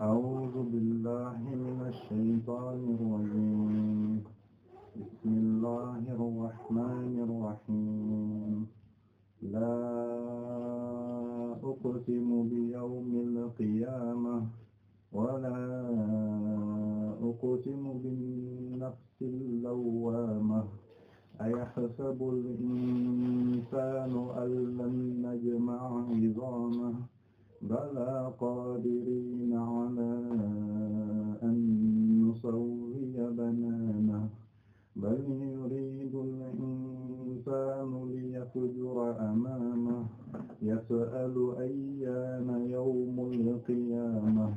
أعوذ بالله من الشيطان الرجيم بسم الله الرحمن الرحيم لا أقسم بيوم القيامة ولا أقسم بالنفس اللوامة أيحسب الإنسان أن لن نجمع عظامه بلى قادرين على أن نسوي بنانه بل يريد الإنسان ليفجر أمامه يسأل أيان يوم القيامة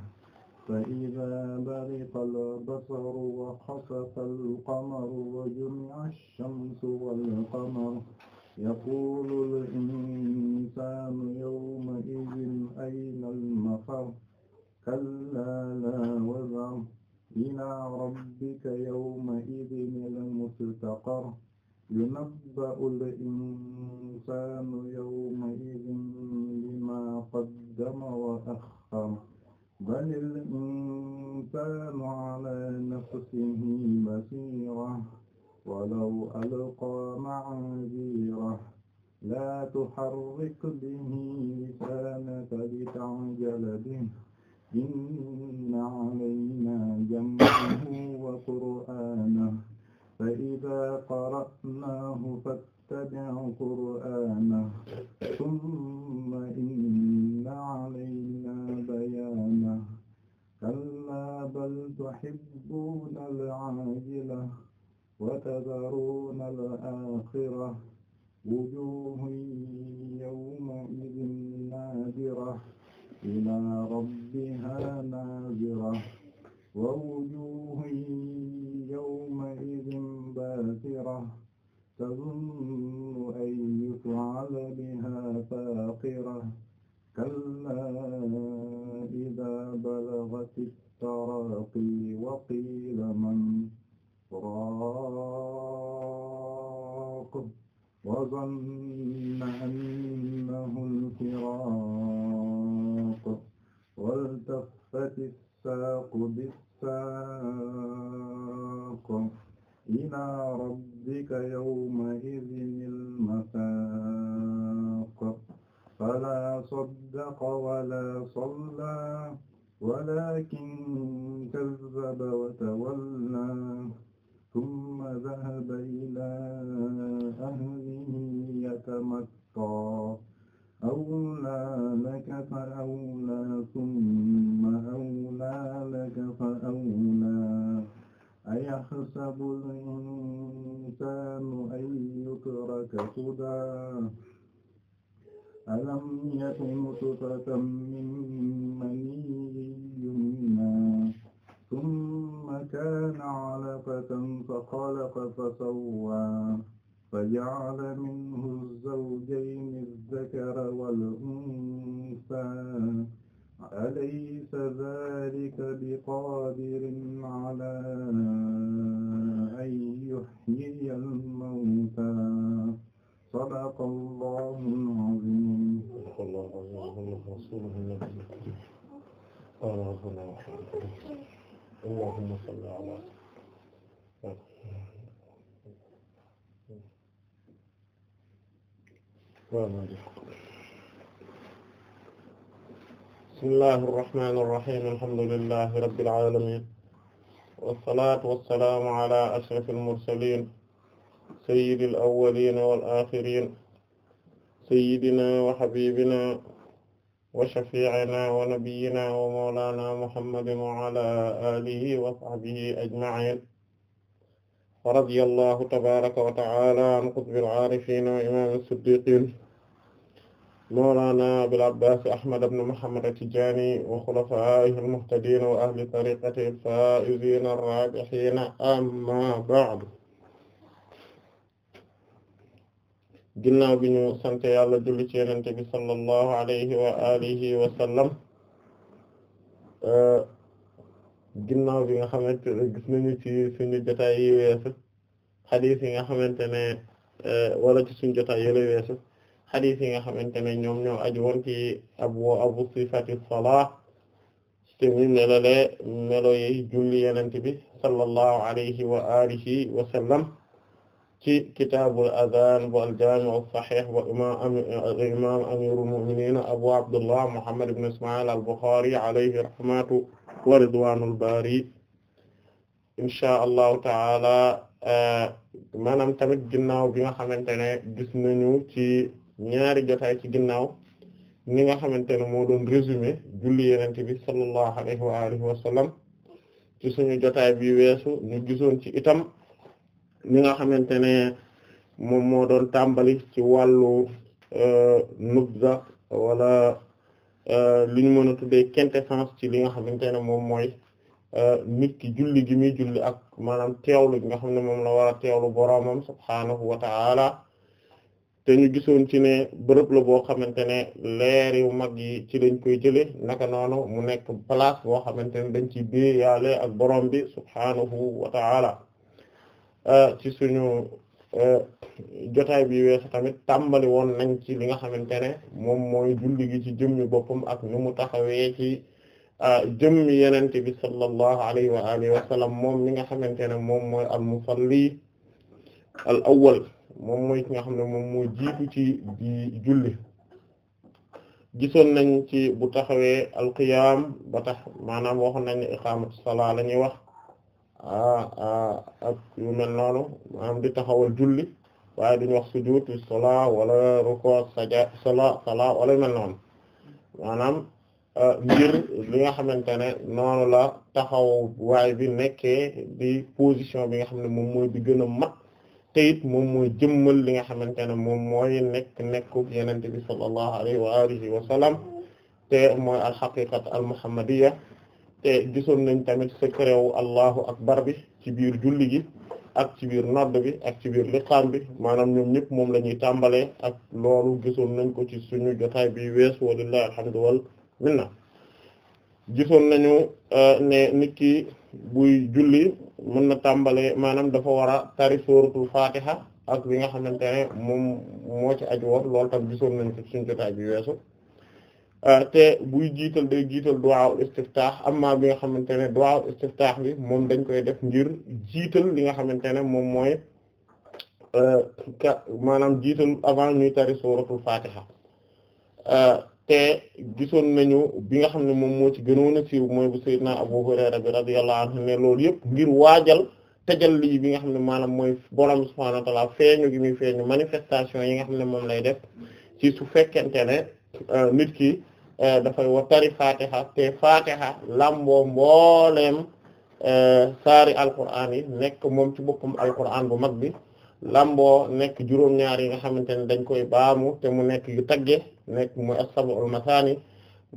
فإذا برق البصر وخسف القمر وجمع الشمس والقمر yaqulul insaanu yawma'izin aynal mafar kallaa laa wazar ilaa rabbika yawma'izin al-mustaqar yunabba'ul insaanu yawma'izin bimaa qaddama wa axxar balil insaanu alaa nafsihi basiira ولو ألقى معاذيره لا تحرك به لسانك لتعجل به إن علينا جمعه وقرآنه فإذا قرأناه فاتبع قرآنه ثم إن علينا بيانه كلا بل تحبون العاجلة wa tadharuuna al-aaxirata wujuuhun yawma'idhin naadira ilaa rabbihaa naazira wa wujuuhun yawma'idhin baasira tazunnu an yuf'ala bihaa faaqira kallaa idhaa balagati at-taraaqi wa qiila man الفراق وظن أنه الفراق والتفت الساق بالساق إلى ربك يومئذ المساق فلا صدق ولا صلى ولكن كذب وتولى ثم ذهب إلى أهله يتمطى أولى لك فأولى ثم أولى لك فأولى أيحسب الإنسان أن يترك سدى ألم يك نطفة من مني يمنى ثم كان علقة فخلق فسوى فجعل منه الزوجين الذكر والأنثى أليس ذلك بقادر على أن يحيي الموتى صدق الله العظيم صدق الله العظيم allahumma salli ala bismillahi irrahmani irrahim alhamdulillahi rabbil alamin wassalatu wassalamu ala ashrafil mursalin sayyidil awwalin wal akhirin sayyidina wa habibina wa shafii'inaa wa nabiyyinaa wa mawlaanaa muhammadin wa alaa aalihi wa sahbihi ajma'iin wa radiyallaahu tabaaraka wa ta'aalaa an qutbil aarifiin wa imaamil siddiiqiin mawlaanaa abil abbaas ahmad ibn muhammad at-tijaani wa xulafaa'ihil muhtadiin wa ahli tariiqatihi al-faa'iziin ar-raabihiin ammaa ba'du ginnaaw bi ñu sant yàlla julli ci yenente bi sallallahu alayhi wa alihi wa sallam ginnaaw bi nga xamante ne gis nañu ci suñu jotaay yi weesu xadis yi nga xamante ne e, wala ci suñu jotaay yële weesu xadis yi nga xamante ne ñoom ñoom aju woon ci abu abu sifati salah te muy melale melo yi julli yenente bi sallallahu alayhi wa alihi wa sallam ci kitaabul azaan bu al-jaami' as-sahiih bu imaam amiirul mu'miniin abu abdullah muhammad ibn isma'il al-buxaari alayhi rahmatu wa ridwaanul baari inshaa allahu taala eh, maanaam tamit ginnaaw bi nga xamante ne gis nañu ci ñaari jotaay ci ginnaaw ni nga xamante ne moo doon résumé julli Yonent bi sallallahu alayhi wa alihi ci suñu jotaay bi weesu ñu gisoon ci itam. li nga xamante ne moom moo doon tàmbali ci wàllu euh, nubza wala euh, li ñu mën a tuddee quintessence ci li nga xamante ne moom mooy euh, nit ki julli gi muy julli ak maanaam teewlu gi nga xam ne moom la war a teewlu boroomam subhaanahu wa ta'ala te ñu gisoon ci ne bërëb la boo xamante ne leer yu mag yi ci lañ koy jële naka noonu mu nekk place boo xamante ne dañ ci bi biyaale ak borom bi subhaanahu wa ta'ala Euh, ci suñu euh, jotaay bi weesu tamit tàmbali woon nañ ci li nga xamante ne moom mooy julli gi ci jëmmi boppam ak nu mu taxawee ci euh, jëmmi yenente bi sallallahu alayhi wa moom mi nga xamante ne moom mooy al musalli al awwal moom mooy ki nga xam ne moom moo jiitu ci di julli gisoon nañ ci bu taxawee al qiyam ba tax maanaam waxoon nañ iqamatu salaa la ñuy wax a ah, ah, yu mel noonu maanaam di taxawal julli waaye duñu wax sujud salaa wala ruku' saja salaa salaa wala mel noonu maanaam ah, ngir li nga xamante ne noonu la taxaw waaye bi nekkee di position bi nga xam ne moom mooy bi gën a mat te it moom mooy jëmmal li nga xamante ne moom mooy nekk nekku yenente bi sallallahu alayhi wa alihi wa sallam te mooy al haqiqat al muhammadiyya te gisoon nañ tamit secret wu allahu akbar bi ci biir julli gi ak ci biir nodd bi ak cibiir biir liqaam bi maanaam ñoom ñëpp moom la ñuy tàmbalee ak loolu gisoon nañ ko ci suñu jotaay bi weesu walillahi alhamdu wal na gisoon nañu euh, ne nit ki buy julli mën na tàmbalee maanaam dafa war a tari suratul fatiha ak li nga xamante moom moo ci aju lool loolu tam gisoon nañ ko ci suñu jotaay bi weesu Euh, te buy jiital day jiital duwaaw istiftaax amma bi nga xamante ne duwaaw istiftaax bi moom dañ koy def ngir jiital li nga xamante ne moom mooy euh, maanaam jiital avant ñuy tari suuratul faatiha euh, te gisoon nañu bi nga xam ne moom moo ci gënoon a siiw mooy bu sayyidina Abu Hurayra bi radiyallahu anhu ne loolu yëpp ngir waajal te jal lii bi nga xam ne maanaam mooy borom subhaanahu wa ta'ala feeñu gi muy feeñu manifestation yi nga xam ne moom lay def ci su fekkente ne nit ki. Eh, dafay watari fatiha te fatiha lamboo mbooleem eh, saari alquraan yi nekk moom ci boppam alquraan bu mag bi lamboo nekk juróom-ñaar yi nga xamante ne dañ koy baamu te mu nekk yu tagge nekk mooy as-sab'ul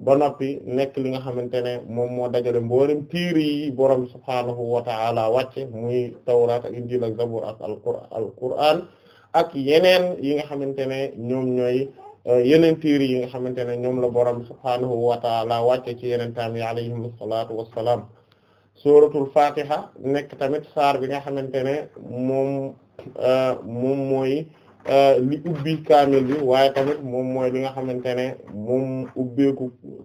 ba noppi nekk li nga xamante ne moom moo dajale mboolem tiir yi borom subhaanahu wa ta'ala wàcce muy tawraat ak injiil ak zabuur ak ak yeneen yi nga xamante ne ñoom ñooy Euh, yeneen téere yi nga xamante ne ñoom la borom subhaanahu wa taala wàcce ci yeneen taam yi alayhim asalaatu wassalaam suratul fatiha nekk tamit saar bi nga xamante ne moom euh, moom mooy euh, li ubbi kaamil bi waaye tamit moom mooy li nga xamante ne moom ubbeeku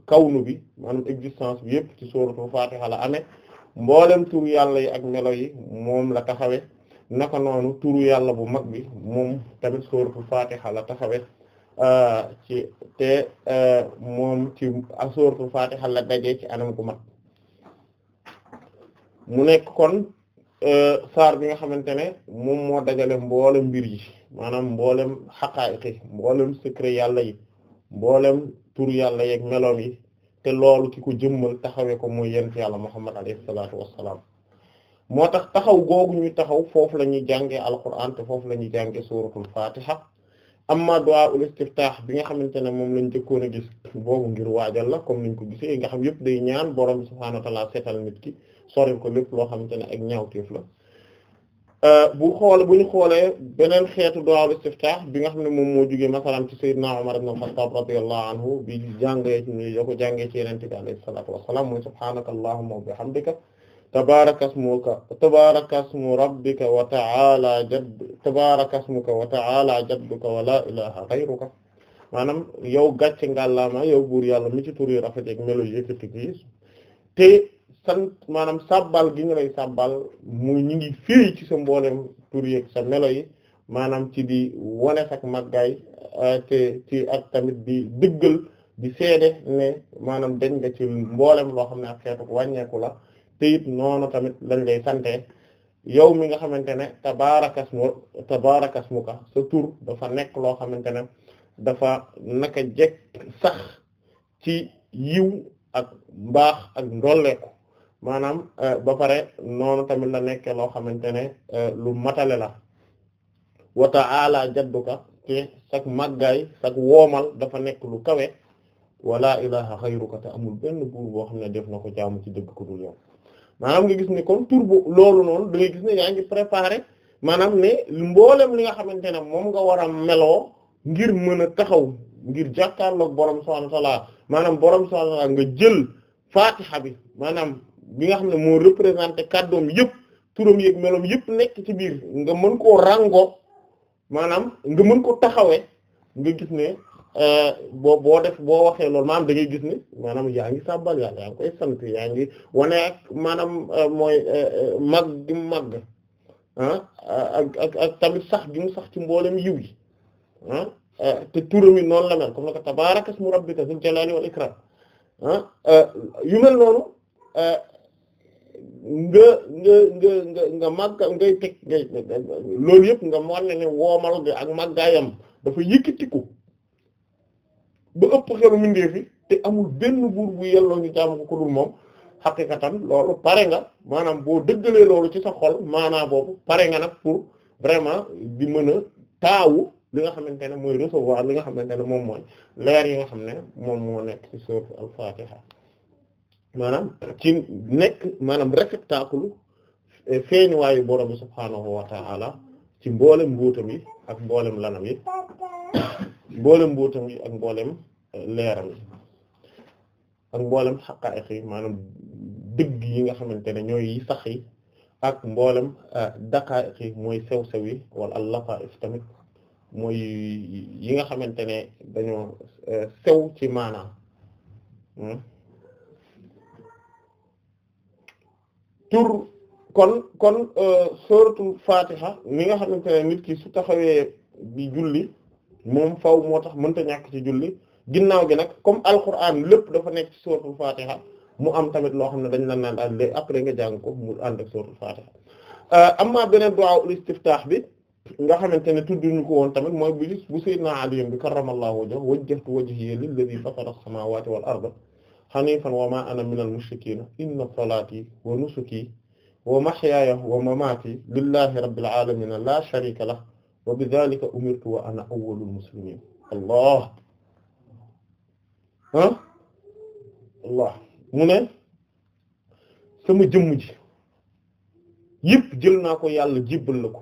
kawnu bi maanaam existence bi yëpp ci suratul fatiha la amee mboolem tur yàlla yi ak melo yi moom la taxawe naka noonu turu yàlla bu mag bi moom tamit suratul fatiha la taxawe Euh, ci te euh, moom ci asuratul fatiha la daje ci anam gu mat mu nekk kon euh, saar bi nga xamante ne moom moo dajale mboolem mbir yi maanaam mboolem xaqaa'iq yi mboolem secret yàlla yi mboolem tur yàlla yeeg meloom yi te loolu ki ko jëmmal taxawee ko mooy yent yàlla Muhammad alayhi salaatu wassalaam moo tax taxaw googu ñu taxaw foofu la ñuy jàngee Alquraan te foofu la ñuy jàngee suratul fatiha amma du'a ul istiftah bi nga xamante ne moom lañ jëkkoon a gis boobu ngir waajal la comme niñ ko gisee nga xam yëpp day ñaan borom subhaanahu wa ta'ala seetal nit ki soril ko lépp loo xamante ne ak ñaawteef la euh, bu xool bu ñu xoolee beneen xeetu du'a ul istiftah bi nga xam ne moom moo jógee masalan ci sayyidina Umar ibn al-Khattab radiyallahu anhu bi jàngee ci ñu ko jàngee ci yenente bi alayhi salatu wassalam mooy subhaanaka allahumma wa bihamdika tabaarakasmuka tabaarakasmu rabbika wa ta'ala jadd tabaarakasmuka wa ta'ala jadduka wa laa ilaaha ghayruka maanaam yow gàcce ngàllaama yow buur yàlla mi ci tur yi rafet ak yi te sant maanaam sabbal gi nga lay sabbal mu ñu ngi fii ci sa mboolem tur yeeg sa melo yi maanaam ci di wane ak màggaay te ci ak tamit di dëggal di seede ne maanaam dañ nga ci mboolem loo xam ne ak xeetu wàññeeku la. te noonu tamit lañ lay sante yow mi nga xamante ne tabaarakasmu tabaarakasmuka sa tur dafa nekk loo xamante ne dafa naka jekk sax ci yiw ak mbaax ak ndolleeku maanaam eh, ba pare noonu tamit la nekkee loo xamante ne eh, lu matale la wa ta'ala jadduka te sak màggaay sak woomal dafa nekk lu kawe wala ilaha xayruka te amul benn buur boo xam ne def na ko jaamu ci dëgg ko dul yow maanaam nga gis ne comme tur bu loolu noonu da ngay gis ne yaa ngi préparé maanaam ne mboolem li nga xamante ne moom nga war melo ngir mën a taxaw ngir jàkkaarloog borom subhaanahu wa ta'aala maanaam borom subhaanahu wa nga jël faatiha bi maanaam bi nga xam ne moo représenté kàddoom yëpp turam yëpp meloom yëpp nekk ci biir nga mën koo rango maanaam nga mën ko taxawee nga gis ne Euh, boo boo def boo waxee loolu maanaam da ngay gis ni maanaam yaa ngi sàbbal yàlla yaa ngi koy sant yaa ngi wane ak maanaam euh, mooy euh, mag gi mu mag ah ak sax gi mu sax ci mboolem yiw yi ah, te turam yi noonu la mel comme nag tabaaraka ismu rabbika zul jalaali wal ikraam ah yu mel noonu nga nga nga nga nga màgg ngay teg ngay loolu yëpp nga mën ne ne woomal ga ak màggaayam dafa yëkkatiku. ba ëpp xelu mindee fi te amul benn buur bu yelloo ñu jaamu ko ku dul moom xaqiqatan loolu pare nga maanaam boo dëggalee loolu ci sa xol maanaa boobu pare nga nag pour vraiment bi mën a taawu li nga xamante ne mooy recevoir li nga xamante ne moom mooy leer yi nga xam ne moom moo nekk ci suuf al maanaam ci nekk maanaam réceptacle eh, feeñuwaayu borom bi subhaanahu wa ta'ala ci mboolem mbuutam yi ak mboolem lanam yi mboolem mbóotam yi ak mboolem eh, leeram ak mboolem xaqaa'iq yi maanaam dëgg yi nga xamante ne ñooy yi sax ak mboolem eh, daqaa'iq yi mooy sew-sew yi wala al-lataa'if tamit mooy yi nga xamante ne dañoo eh, sew ci maanaam hmm. tur kon kon suratul fatiha ni nga xamante ne nit ki su taxawee bi julli moom faw moo tax mënta ñàkk ci julli ginnaaw gi nag comme alquran lépp dafa nekk ci suratul fatiha mu am tamit loo xam ne dañ la naan daal léegi après nga jàng ko mu ànd ak suratul fatiha euh, amma beneen du'a ul istiftah bi nga xamante ne tudduñu ko woon tamit mooy bu bu sayyidina Ali bi karramallahu wajhahu wajjahtu wajhiya lilladhi fatara as-samawati wal arda hanifan wa ma ana minal mushrikina inna salati wa nusuki wa mahyaaya wa mamati lillahi rabbil alamina la sharika wa bi dhalika umirtu wa ana awwalul muslimin allah ah allah mu ne sama jëmm ji yëpp jël naa ko yàlla jébbal la ko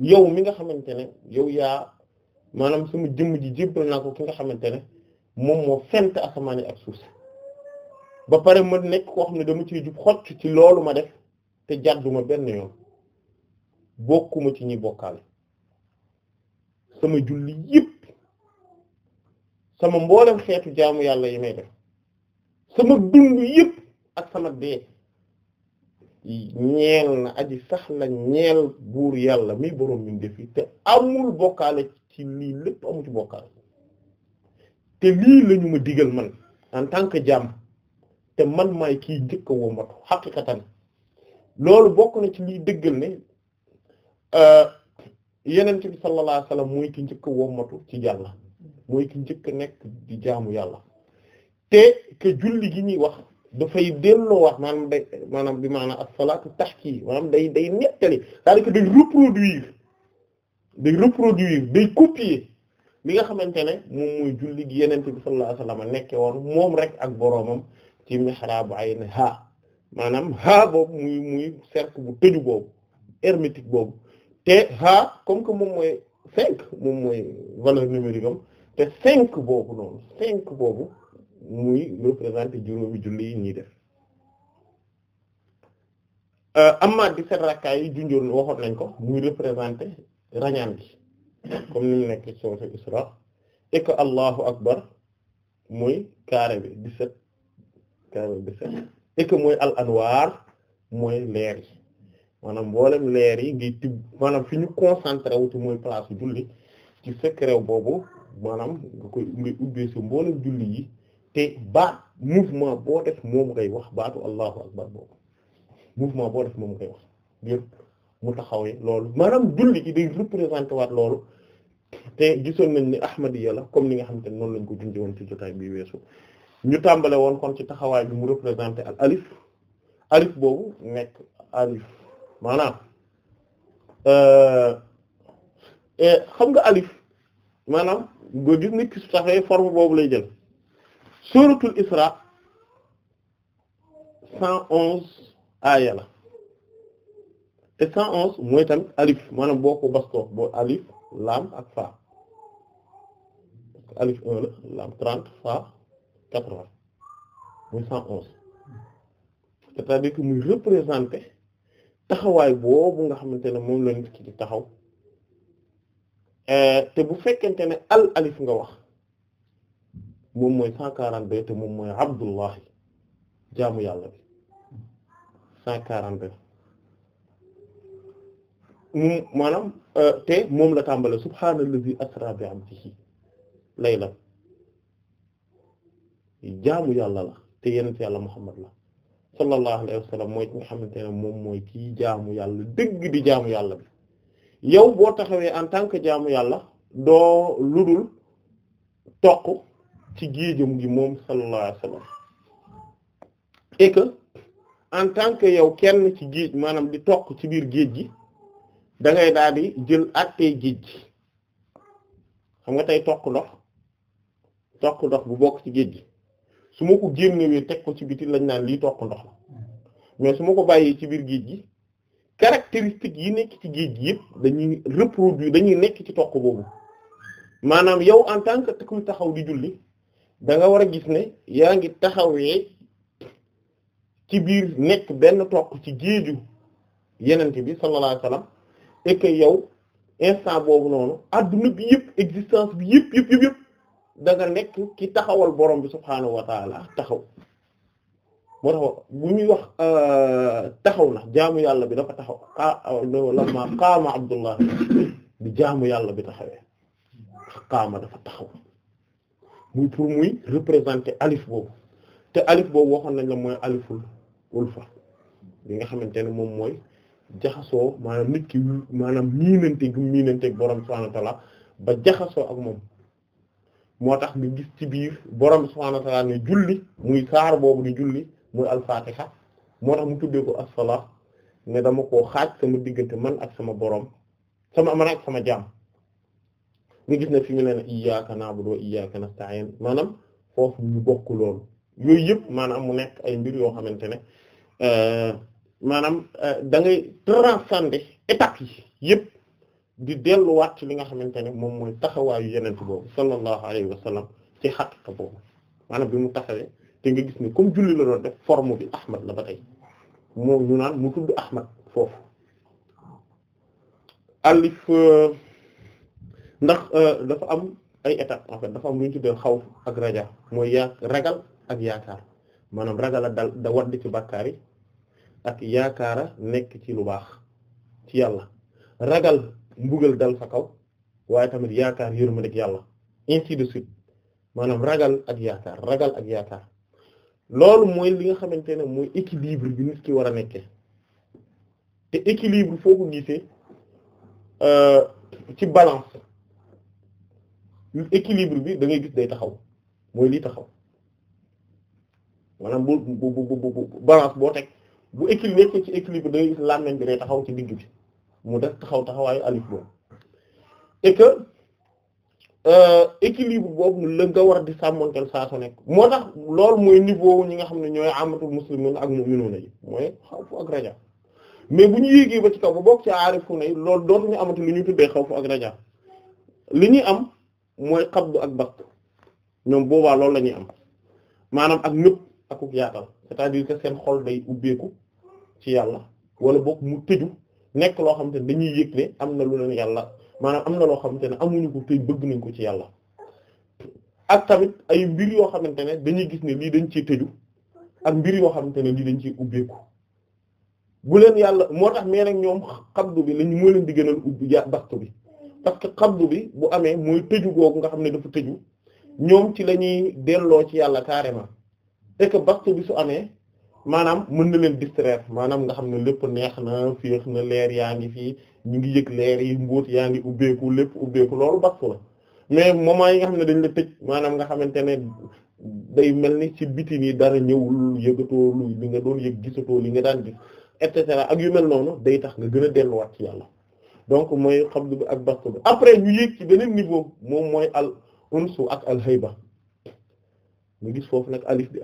yow mi nga xamante ne yow yaa maanaam sama jëmm ji jébbal naa ko ki nga xamante ne moom moo fent asamaan yi ak suuf si ba pare ma nekk koo xam ne dama ciy jub xocc ci loolu ma def te jàdduma benn yoon bokkuma ci ñi bokkaale sama julli yépp sama mboolem xeetu jaamu yàlla yi may def sama dund yépp ak sama dee ñeel na aji sax la ñeel buur yàlla mi borom mi def te amul bokkaale ci lii lépp amu ci bokkaale te lii lañu ma digal man en tant que jaam te man may kii njëkk a wombatu xaqiqatan loolu bokk na ci liy dëggal ne euh, yenent bi sallallahu alayhi mooy ki njëkk wommatu ci yàlla mooy ki njëkk nekk di jaamu yàlla te que julli gi ñuy wax dafay delloo wax maanaam day maanaam bi maanaam as-salaatu tahki maanaam day day nettali c'est-à-dire que day reproduire nga xamante ne moom mooy julli gi yenent bi sallallahu alayhi wasallam nekke woon moom rek ak boroomam ci mihraabu ayn ha maanaam ha boobu muy muy cercle bu tëju boobu hermétique boobu te ha comme que moom mooy cinq moom mooy valeur numérique te cinq boobu noonu cinq boobu muy représenter juróomi julli yi ñuy def euh, amma dix-sept rakkaa yi junjoon waxoon nañ ko muy représenter rañaan gi comme ni nekk sourate Isra et que Allahu akbar muy carré bi dix-sept carré bi dix mooy al anwaar mooy leer yi maanaam mboolem leer yi ngay tibb maanaam fi ñu concentré wuti mooy place julli ci secret boobu maanaam nga koy ngay ubbee sa mboolem julli yi te baat mouvement boo def moom ngay wax baatu allahu akbar boobu mouvement boo def moom ngay wax yëpp mu taxawee loolu maanaam julli gi day représenté waat loolu te gisoon nañ ne ahmadiyya la comme ni nga xamante ne noonu lañ ko junjee woon ci jotaay bi weesu ñu tàmbale woon kon ci taxawaay bi mu représenté al alif alif boobu nekk alif maanaam euh, xam nga alif maanaam nga gis nit ki su taxee forme boobu lay jël suratul isra cent onze aaya la te cent onze mooy tamit alif maanaam boo ko bastoo boo alif laam ak fa alif un la laam trente fa quatre-vingts muy cent onze c'est-à-dire que muy représenter taxawaay boobu nga xamante ne moom la nit ki di taxaw euh, te bu fekkente ne al alif nga wax moom mooy cent quarante-deux te moom mooy abdullahi jaamu yàlla bi cent quarante-deux maanaam euh, te moom la tàmbale subhaanallazi asra bi abdihi laylan jaamu yàlla la te yenent yàlla muhammad la sallallahu alayhi wa sallam mooy ki nga xamante ne moom mooy kii jaamu yàlla dëgg di jaamu yàlla bi yow boo taxawee en tant que jaamu yàlla doo lu dul toq ci géejam gi moom sallallahu alayhi wa sallam en tant que yow kenn ci géej maanaam di toq ci biir géej gi dangay ngay di jël àttee géej gi xam nga tey toq ndox toq ndox bu bokk ci géej gi su ma ko génnewee teg ko ci biti lañ naan lii toq ndox la mais su ma ko bàyyee ci biir géej gi caractéristiques yi nekk ci géej gi yëpp dañuy reproduire dañuy nekk ci toq boobu maanaam yow en tant que kuy taxaw di julli da nga war a gis ne yaa ngi taxawee ci biir nekk benn toq ci géeju yenente bi sallallahu alayhi wasallam et que yow instant boobu noonu àdduna bi yëpp existence bi yëpp yëpp yëpp yëpp da nga nekk ki taxawal borom bi subhaanahu wa taala taxaw moo tax bu ñuy wax euh, taxaw na jaamu yàlla bi dafa taxaw kaama euh, qaama abdullah bi jaamu yàlla bi taxawee dafa taxaw muy pour muy représenter alif boobu te alif boobu waxoon nañ la mooy aliful ulfa bi nga xamante ne moom mooy jaxasoo maanaam nit ki maanaam miinante gu miinante borom subhaanahu wa taala ba jaxasoo ak moom moo tax nga gis ci biir borom subhaanahu wa ne julli muy saar boobu di julli muy al moo tax mu tuddee ko as-salaat ne dama ko xaaj sama diggante man ak sama boroom sama man sama jaam nga gis ne fi mu ne ne iyyaaka na'budu wa iyyaaka nasta'iin maanaam foofu ñu bokk loolu yëpp maanaam mu nekk ay mbir yoo xamante ne euh, maanaam euh, da yi yëpp. di delluwaat ci li nga xamante ne moom mooy taxawaayu yeneen boobu sallallahu alayhi wa sallam ci xaqiqa boobu maanaam bi mu taxawee te nga gis ni comme julli la doon def forme bi Ahmad la ba tey moom ñu naan mu tudd Ahmad foofu alif euh, ndax euh, dafa am ay étapes en fait dafa am lu xaw ak raja mooy ragal ak yaakaar maanaam ragal a dal da wadd ci bàkkaar ak yaakaara nekk ci lu baax ci yàlla ragal mbugal dal sa kaw waaye tamit yaakaar ma ak yàlla ainsi de suite maanaam ragal ak yaakaar ragal ak yaakaar loolu mooy li nga xamante ne mooy équilibre bi nit ki war a nekkee te équilibre foo ko gisee euh, ci balance équilibre bi da gis day taxaw mooy lii taxaw manam bu bu bu balance boo teg bu équilibre nekkee ci équilibre da ngay gis làmmiñ bi day taxaw ci digg bi. mu def taxaw taxawaayu alif boobu et que euh, équilibre boobu la nga war di sàmmonteel saa su nekk moo tax lool mooy niveau ñi nga xam ne ñooy amatul muslimun ak mu'minuna yi mooy xawfu ak raja mais bu ñu yéegee ba ci kaw ba bokk ci aarifuna yi loolu lu ñu tuddee xawfu ak rajaa li ñuy am mooy xabdu ak bast ñoom boobaa loolu la am maanaam ak ñëpp akuk yaatal c'est-à-dire que seen xol day ubbeeku ci yàlla wala boog mu tëju nekk loo xamante ne dañuy yëg ne am na lu leen yàlla maanaam am na loo xamante ne amuñu ko tey bëgg nañ ko ci yàlla ak tamit ay mbir yoo xamante ne dañuy gis ne lii dañ ciy tëju ak mbir yoo xamante ne lii dañ ci ubbeeku bu leen yàlla moo tax mais nag ñoom xabdu bi lañ moo leen di gënal ubbi ja baxtu bi parce que xabdu bi bu amee mooy tëju googu nga xam ne dafa tëju ñoom ci la ñuy delloo ci yàlla carrément et que bi su amee maanaam mën na leen distrait maanaam nga xam ne lépp neex na féex na leer yaa ngi fii ñu ngi yëg leer yi mbóot yaa ngi ubbeeku lépp ubbeeku loolu bakku la mais moment yi nga xam ne dañu la tëj maanaam nga xamante ne day mel ni ci biti nii dara ñëwul yëgatoo lu li nga doon yëg gisatoo li nga daan gis et cetera ak yu mel noonu day tax nga gën a delluwaat ci yàlla donc mooy xabdu bi ak bastu bi après ñu yëg ci beneen niveau moom mooy al unsu ak al hayba gis foofu nag alif bi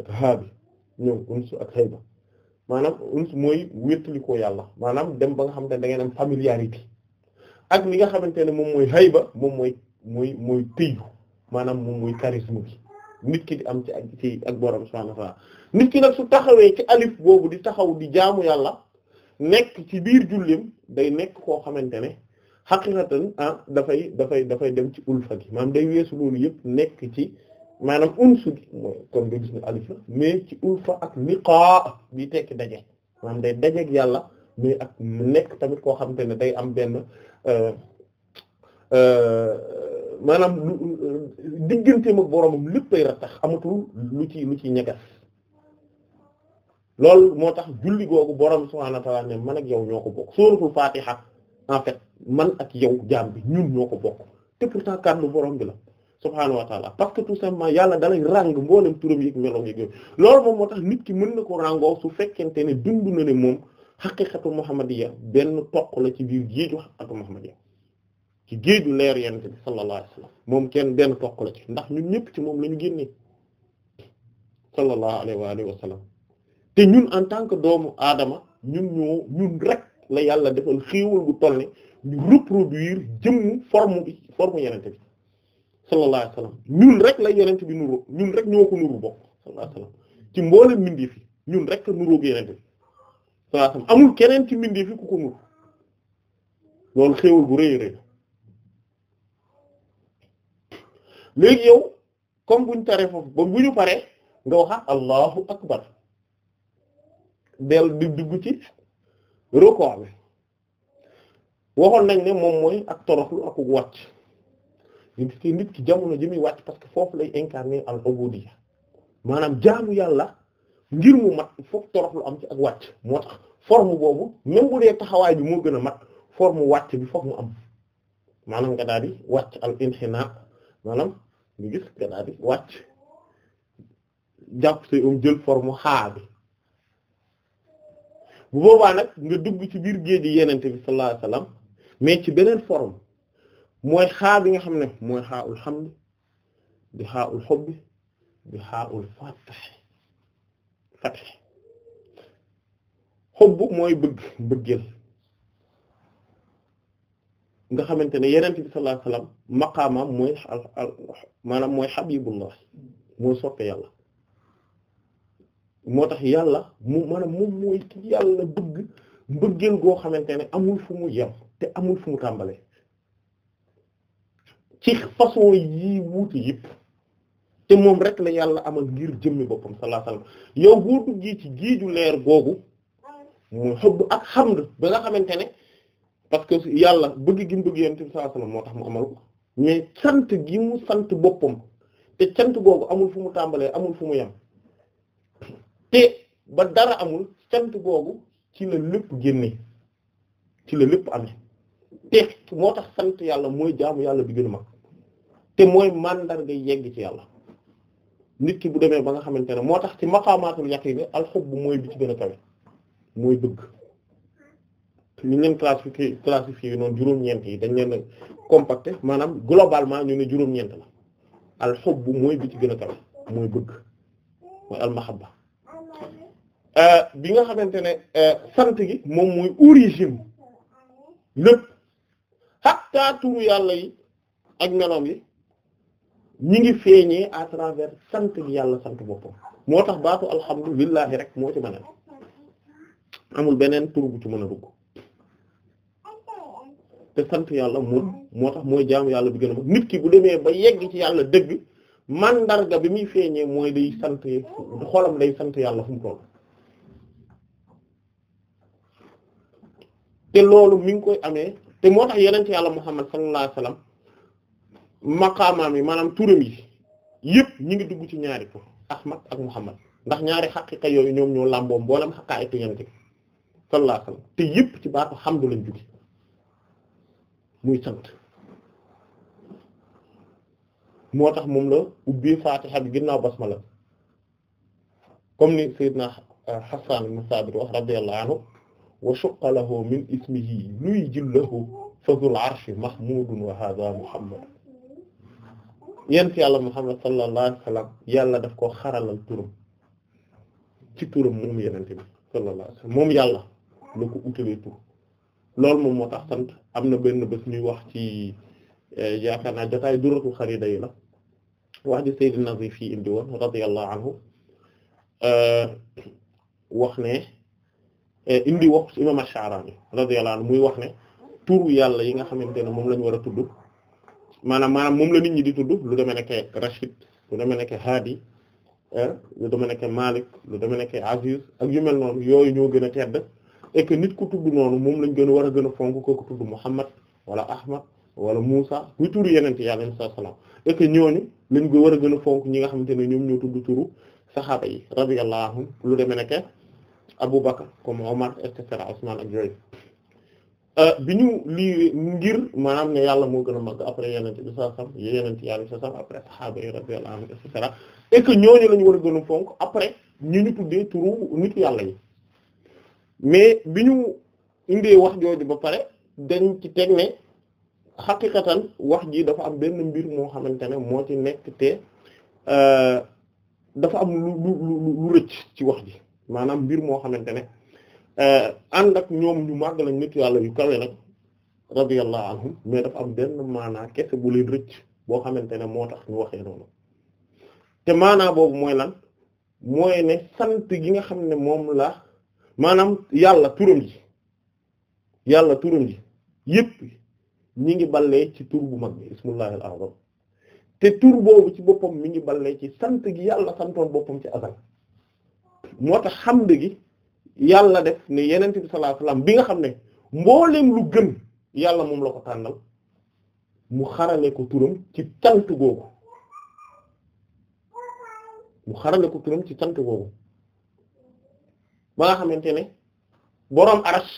ñoom uns ak xayba maanaam uns mooy wéttalikoo yàlla maanaam dem ba nga xamante ne da ngeen am familiarité ak li nga xamante ne moom mooy ba moom mooy mooy mooy tëyu maanaam moom mooy charisme bi nit ki di am ci ak ci ak borom subhanahu nit ki nag su taxawee ci alif boobu di taxaw di jaamu yàlla nekk ci biir jullim day nekk koo xamante ne xaqiqatan ah dafay dafay dafay dem ci ulfa gi maanaam day weesu loolu yëpp nekk ci maanaam unsu gi mooy kon nga gis ne mais ci ulfa ak liqaa bi tekki daje maanaam day dajeeg yàlla mais ak nekk tamit koo xamante ne day am benn euh, euh, maanaam lu euh, digganteem ak boroomam léppay rattax lu ci lu ci ñegas loolu moo tax julli googu boroom subhaanahu wa ta'aala ne man ak yow ñoo ko bokk sóoratul Faatiha en fait man ak yow jaam bi ñun ñoo ko bokk te pourtant kàddu boroom bi la subhaanahu wa taala parce que tout simplement yàlla dalay ràng mboolem turam yi ak meloom yi loolu moom moo tax nit ki mën na ko ràngoo su fekkente ne dund na ne moom xaqiqatu muhammadiyya benn toq la ci biir géeju xaqiqatu muhammadiyya ci géeju leer yonent bi sallallahu alayhi wa moom kenn benn toq la ci ndax ñu ñëpp ci moom la ñu génnee sallallahu alayhi wa alihi wa te ñun en tant que doomu aadama ñun ñoo ñun rek la yàlla defal xéewal bu toll ne ñu reproduire jëmm forme bi forme yonent bi sallallahu alayhi wasallam ñun rek la yonent bi nuru ñun rek ñoo ko nuru bokk sallallahu alayhi ci mboolem mbindeef yi ñun rek la nuroo gi yonent bi sallallahu alayhi amul keneen ci mbindeef yi ku ko nuru loolu xéewal bu rëy rëy léegi yow comme buñ taree foofu ba bu ñu paree nga waxa ah, allahu akbar del di ci record bi waxoon nañ ne moom mooy ak toroxlu ak wàcc nga gis nit ki jamono ji muy wàcc parce que foofu lay incarner al ubudiyya maanaam jaamu yàlla ngir mu mat foofu torox lu am ci ak wàcc moo tax forme boobu même dee taxawaay bi moo gën a mat forme wàcc bi foofu mu am maanaam nga daal di wàcc al inhinaa maanaam nga gis nga daal di wàcc jàpp say um jël forme xaa bi bu boobaa nag nga dugg ci biir géej gi bi sallallahu alayhi mais ci beneen forme mooy xaa bi nga xam ne mooy xaa ul hamd di xaa ul hubb di xaa ul fatah mooy bëgg bëggeel nga xamante ne yonent bi sallallahu alayhi mooy maanaam mooy habibullah soppe yàlla moo tax yàlla mu maanaam moom mooy yàlla bëgg mbëggeel goo xamante ne amul fu mu yem te amul fu mu tàmbalee ci façon yii wuute yëpp te moom rek la yàlla amal ngir jëmmi boppam sallallahu alayhi yow boo duggee ci géeju leer googu mu xëbb ak xamd ba nga xamante ne parce que yàlla bëgg gi mu bëgg yonent bi sallallahu alayhi wasallam moo tax mu amal ko mais sant gi mu sant boppam te cant googu amul fu mu tàmbalee amul fu mu yem te ba dara amul cant googu ci la lépp génne ci la lépp amee te moo tax sant yàlla mooy jaamu yàlla bi gën a mag te mooy màndarga yegg ci yàlla nit ki bu demee ba nga xamante ne moo tax ci maqaamaatul yaqiin alxubb mooy bi ci gën a kawe mooy bëgg ñu leen classifié classifié noonu juróom-ñeent yi dañ leen compacté maanaam globalement ñu ne juróom-ñeent la mooy bi ci gën a kawe mooy bëgg mooy almahabba euh, bi nga xamante ne euh, sant gi moom muy origine lépp xattaa turu yàlla yi ak meloom yi mu ngi feeñee à travers sant yàlla sant boppam moo tax baatu alhamdulillahi rek moo ci mën amul beneen tur bu ci mën a dugg te sant yàlla moom moo tax mooy jaamu yàlla bi gën a mag nit ki bu demee ba yegg ci yàlla dëgg mandarga bi muy feeñee mooy day sant xolam day sant yàlla fu mu toll te loolu mi ngi koy amee te moo tax yeneen ci yàlla Muhammad sallallahu alayhi wasallam maqaamaam yi maanaam turam yi yëpp ñi ngi dugg ci ñaari tur ak Muhammad ndax ñaari xaqiqa yooyu ñoom ñoo làmboo mboolem xaqaa'iqu yeneen ci sallallahu alayhi wasallam te yëpp ci baatu xamdu lañ jóge muy sant moo tax moom la ubbi Fatiha bi ginnaaw basmala comme ni Seydina Hassan ibn Sabit wax radiyallahu anhu wa shuqqa lahu min ismihi liyujillahu fa dhul arshi mahmudun wa hadha muhammad yent yàlla muhammad sallallahu alayhi wa sallam yàlla daf koo xaralal turam ci turam moom yenente bi sallallahu alayhi wa sallam moom yàlla la ko utalee tur loolu moom moo tax sant am na benn bés ñuy wax ci eh, yaakaar naa jotaay duratul xarida yi la wax di Sayyidina Nazifi indi woon radiyallahu anhu eh, wax ne indi wax imam Ash-Sha'rani radiyallahu muy wax ne turu yàlla yi nga xamante ne moom la ñu war a tudd maanaam maanaam moom la nit ñi di tudd lu demee nekk Rashid lu demee nekk Hadi ah, lu demee nekk Malik lu demee nekk Aziz ak yu mel noonu yooyu ñoo gën a tedd et que nit ku tudd noonu moom lañ gën a war a gën a fonk ko ku tudd Muhammad wala Ahmad wala Muusa muy turu yeneen ci yàlla sallallahu alayhi wasallam et que ñooñu lañ ko war a gën a fonk ñi nga xamante ne ñoom ñoo tudd turu saxaaba yi radiyallahu lu demee nekk Abu Bakr comme Omar et cetera Ousmane euh, bi ñu lii ngir maanaam ne yàlla moo gën a mag après yenente bi sa sam yo yàlla bi sa sam après sahaaba yi radiyallahu anhum et cetera et que ñooñu la ñu war a gën a fonk après ñu ñu tuddee turu nit yàlla yi mais bi ñu indee wax jooju ba pare dañ ci teg ne xaqiqatan wax ji dafa am benn mbir moo xamante ne moo ci nekk te euh, dafa am lu lu lu rëcc ci wax ji maanaam mbir moo xamante ne euh, ànd ak ñoom ñu màgg lañ nit yàlla yu kawe nag radiyallahu anhum mais dafa am benn maanaa kese bu leen rëcc boo xamante ne moo tax ñu waxee noonu te maanaa boobu mooy lan mooy ne sant gi nga xam ne moom maanaam yàlla turam ji yàlla turam ji yépp ñi ngi ballee ci tur bu mag bi ismullahil a'zam te tur boobu ci boppam mi ngi ballee ci sant gi yàlla santoon boppam ci azal moo tax xamd gi yàlla def ne yenent bi bi nga xam ne mbooleem lu gën yàlla moom la ko tànnal mu xarale ko turam ci cant googu mu xarale ko turam ci cant googu ba nga xamante ne boroom arash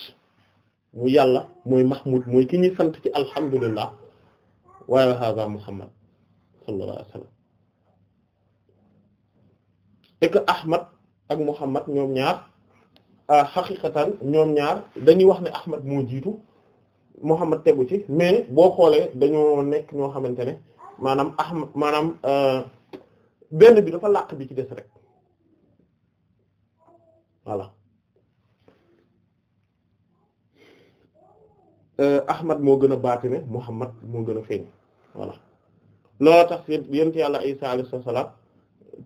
mu yàlla mooy mahmud mooy ki ñuy sant ci alhamdulillah waaye hada muhammad sallallahu alayhi ahmad ak Muhammad ñoom ñaar xaqiqatan ñoom ñaar dañuy wax ne Ahmad moo jiitu Muhammad tegu ci mais boo xoolee dañoo nekk ñoo xamante ne maanaam Ahmad maanaam benn bi dafa làq bi ci des rek voilà Ahmad moo gën a baatine Muhammad moo gën a feeñ voilà looloo tax yent yàlla Isa alayhi salaam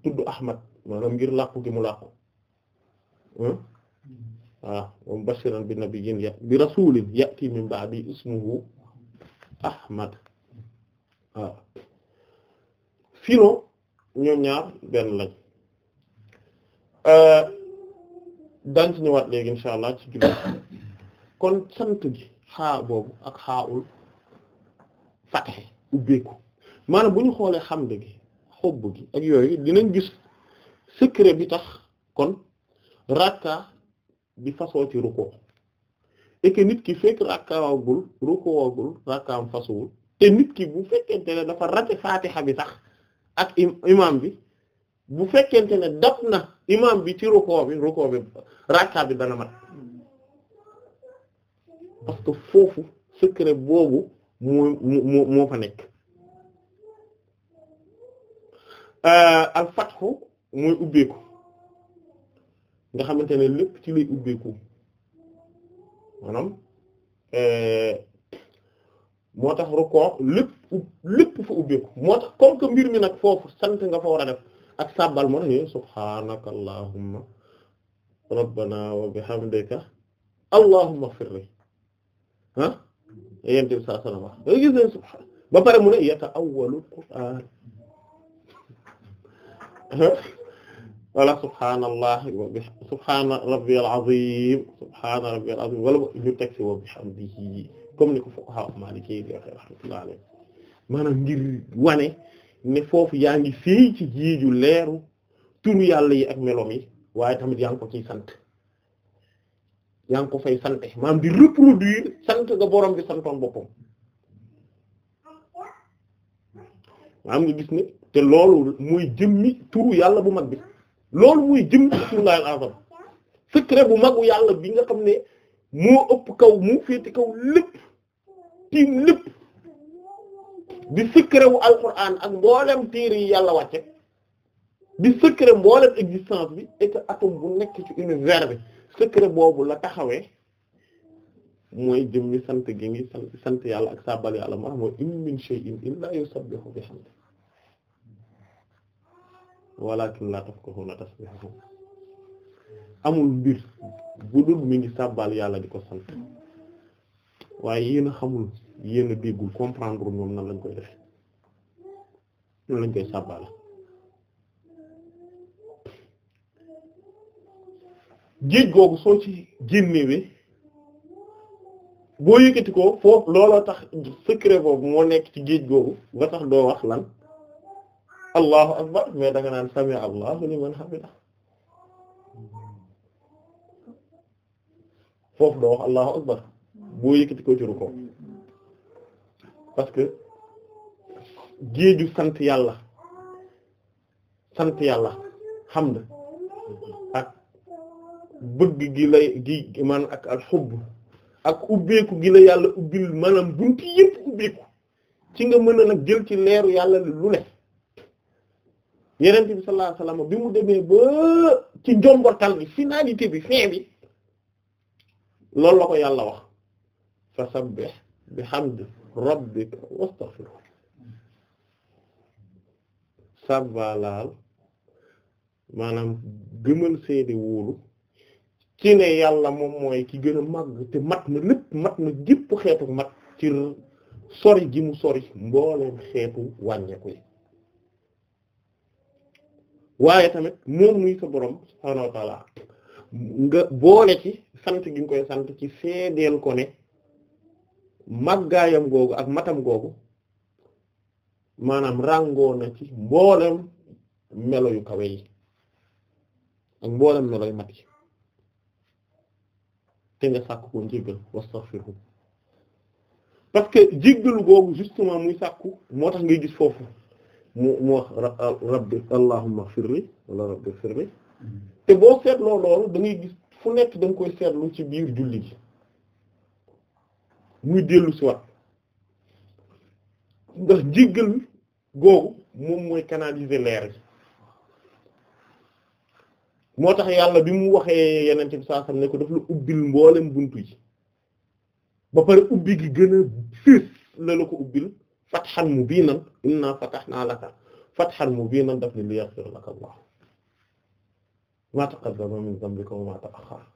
tudd Ahmad maanaam ngir làqu gi mu làqu waaw hmm? mm-hmm. ah, moom bashiran bi nabiyyin ya bi rasulin ya'ti min ba'di ismuhu ahmad waaw ah. sinon benn lañ euh, daan ci ñëwaat léegi insha allah ci julli kon sant gi xaa boobu ak xaaul fataxe ubbeeku maanaam bu ñu xoolee xam gi xobb gi ak yooyu dinañ gis secret bi tax kon rakka bi fasoo ci ruku nit ki fekk rakkaawagul rukuwagul rakkaam fasowul te nit ki bu fekkente ne dafa rate fatiha bi sax ak imam bi bu fekkente ne dab na imam bi ci ruku bi ruku bi rakka bi dana mat parce foofu secret boobu moo moo fa nekk euh, al fathu mooy ubbeeku nga xamante ne lépp ci lay ubbeeku maanaam euh, moo tax rukkoo lépp lépp fa ubbiku moo tax comme que mbir mi nag foofu sant nga fa war a def ak sabbal moo tax subhaanaka allahumma rabbana wa bi saa sallam wax gis ne ba pare mu ne yata awwalul qur'an wala subhaanallah wa bi subhaana rabbiyal azim subhaana rabbiyal azim wala ñu teg ci ni ko fuqaha maliki di waxe rahmatullahi alayhi ngir wane ne foofu yaa ngi fii ci jiiju leeru turu yàlla yi ak melo yi waaye tamit yaa ngi ko ciy sant yaa ngi ko fay sante maanaam di reproduire sant nga borom bi santoon boppam maanaam nga gis te loolu mooy jëmmi turu yàlla bu mag bi loolu muy jëm ismullahi al-azam bu magu yàlla bi nga xam ne moo ëpp kaw mu féete kaw lépp tiim lépp di secret wu alquran ak mboolem téere yi yàlla wàcce di secret mboolem existence bi et que atome bu nekk ci univers bi boobu la taxawe mooy jëmmi sant gi ngi sant sant ak saabal yàlla moo tax mooy in min shay'in illa yusabbihu bihamdihi walakin la tafqahuna tasbihahum amul mbir bu dul mi ngi sàbbal yàlla di ko sant waaye yéen xamul yéen a déggul comprendre moom nan lañ koy def nan lañ koy sàbbal géej googu soo ci génnewee boo yëkkati ko foofu looloo tax secret boobu moo nekk ci géej googu nga tax doo wax lan allahu akbar mais da nga naan sami allahu liman hamida foofu doo wax allahu akbar boo yëkkati ko ci ruko parce que géeju sant yàlla sant yàlla hamd ak bëgg gi lay gi man ak al hubb ak ubbeeku gi la yàlla ubbil maanaam bunti yëpp ubbeeku ci nga mën a nag jël ci leeru yàlla lu ne yeneen bi salaa salaama bi mu demee ba ci njombotal bi finalité bi fin bi loolu la ko yàlla wax fa sabbih bihamdi rabbika wastaghfir sabalaal maanaam gëmal seede wóolu ci ne yàlla moom mooy ki gën a màgg te mat na lépp mat na jëpp xeetu mat ci sori gi mu sori mbooleem xeetu wàññeeku yi waaye tamit moom muy sa borom subhaanahu wa nga boole ci sant gi nga koy sant ci seedeel ko ne màggaayam googu ak matam googu maanaam ràngoo na ci mboolem melo yu kawe yi ak mboolem melo yu yi te nga sàkk ko njéggal wastaghfirhu parce que jéggalu googu justement muy sàkku moo tax ngay gis foofu mu mu wax rabbi allahumma firli wala rabbi firli mm-hmm. te boo seetloo loolu da gis fu nekk da nga koy seetlu ci biir julli gi muy dellu si wat ndax jéggal googu moom mooy canaliser leer gi moo tax yàlla bi mu waxee yeneen bi saa xam ne ko def la ubbil mboolem buntu yi ba pare ubbi gi gën a fés la la ko ubbil fathan mubiinan inna fatahna laka fathan mubiinan daf ni liyaghfir laka Allah ma taqaddama min dhanbika wa ma ta'akhkhara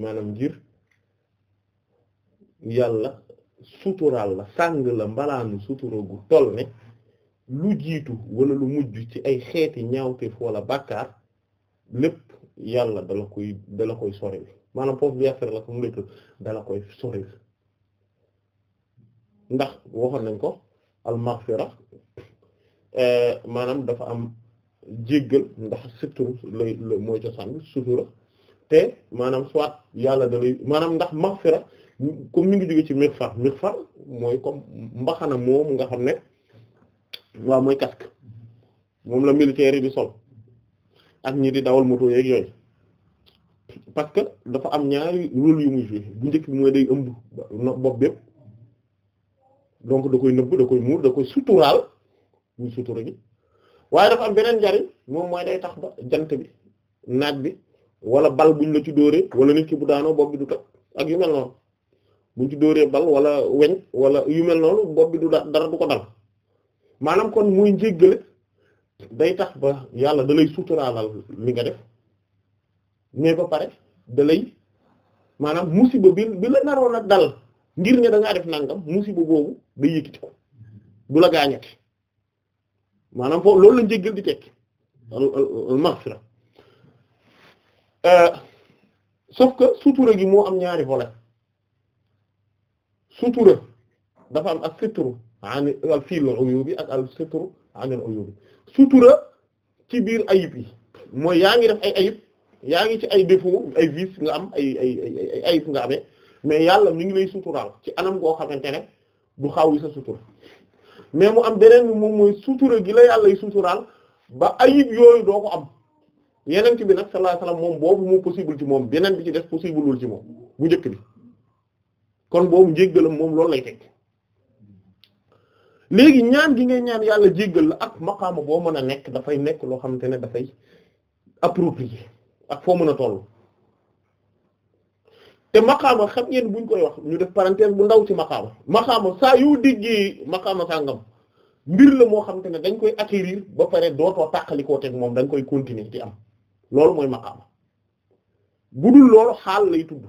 maanaam ngir yàlla suturaal la sàng la mbalaanu sutura gu toll ne lu jiitu wala lu mujj ci ay xeeti ñaawteef wala bàkkaar lépp yàlla dala koy dala koy soril maanaam foofu bi yàfir la ko mu lay dala koy soril ndax waxoon nañ ko al maghfira eh, maanaam dafa am jéggal ndax sutura lay mooy cosaan bi te maanaam soit yàlla da maanaam ndax maghfira comme ni ngi jóge ci mighfar mighfar mooy kom mbaxana moom nga xam ne waaw mooy casque moom la militaire yi di sol ak ñi di dawal moto yeeg yooyu parce que dafa am ñaari rôle yu muy jouer njëkk bi mooy day ëmb bopp bépp donc da koy nëbb da koy muur da koy suturaal muy sutura gi waaye dafa am beneen njariñ moom mooy day tax ba jant bi naaj bi walla bal buñ la ci dóoree wala nit ki bu daanoo bopp bi du toj ak yu mel noonu buñ ci dóoree bal wala weñ wala yu mel noonu bopp bi du dara du ko dal maanaam kon muy njéggale day tax ba yàlla da lay suturaalal li nga def mais ba pare da lay maanaam musiba bi bi la naroon a dal ngir ne da ngaa def nangam mu boobu day yëkkati ko du la gaañati maanaam foofu loolu la njéggal di tekki al maghfira euh, sauf que sutura gi moo am ñaari volet sutura dafa am ak sitru an al fil uyubi ak al sitru an sutura ci biir ayib yi mooy yaa ngi ref ay ayib yaa ngi ci ay défaut ay vice nga am ay ay ay ayib nga ame mais yàlla mi ngi lay suturaal ci anam goo xamante ne du xaw yi sa sutura mais mu am beneen moom mooy sutura gi la yàlla yi suturaal ba ayib yooyu doo ko am yeneen ci bi nag sallallahu alayhi wasallam moom boobu moo possible ci moom beneen bi ci def possible lul ci moom bu njëkk bi kon boobu njéggalam moom loolu lay teg léegi ñaan gi ngay ñaan yàlla jéggal la ak maqaama boo mën a nekk dafay nekk loo xamante ne dafay approprié ak foo mën a toll te maqaama xam ngeen buñ koy wax ñu def parenthèse bu ndaw ci maqaama maqaama saa yu diggee maqaama sàngam mbir la moo xam te ne dañ koy acquérir ba pare dootoo tàqalikoo teg moom dañ koy continuer di am loolu mooy maqaama bu dul loolu xaal lay tudd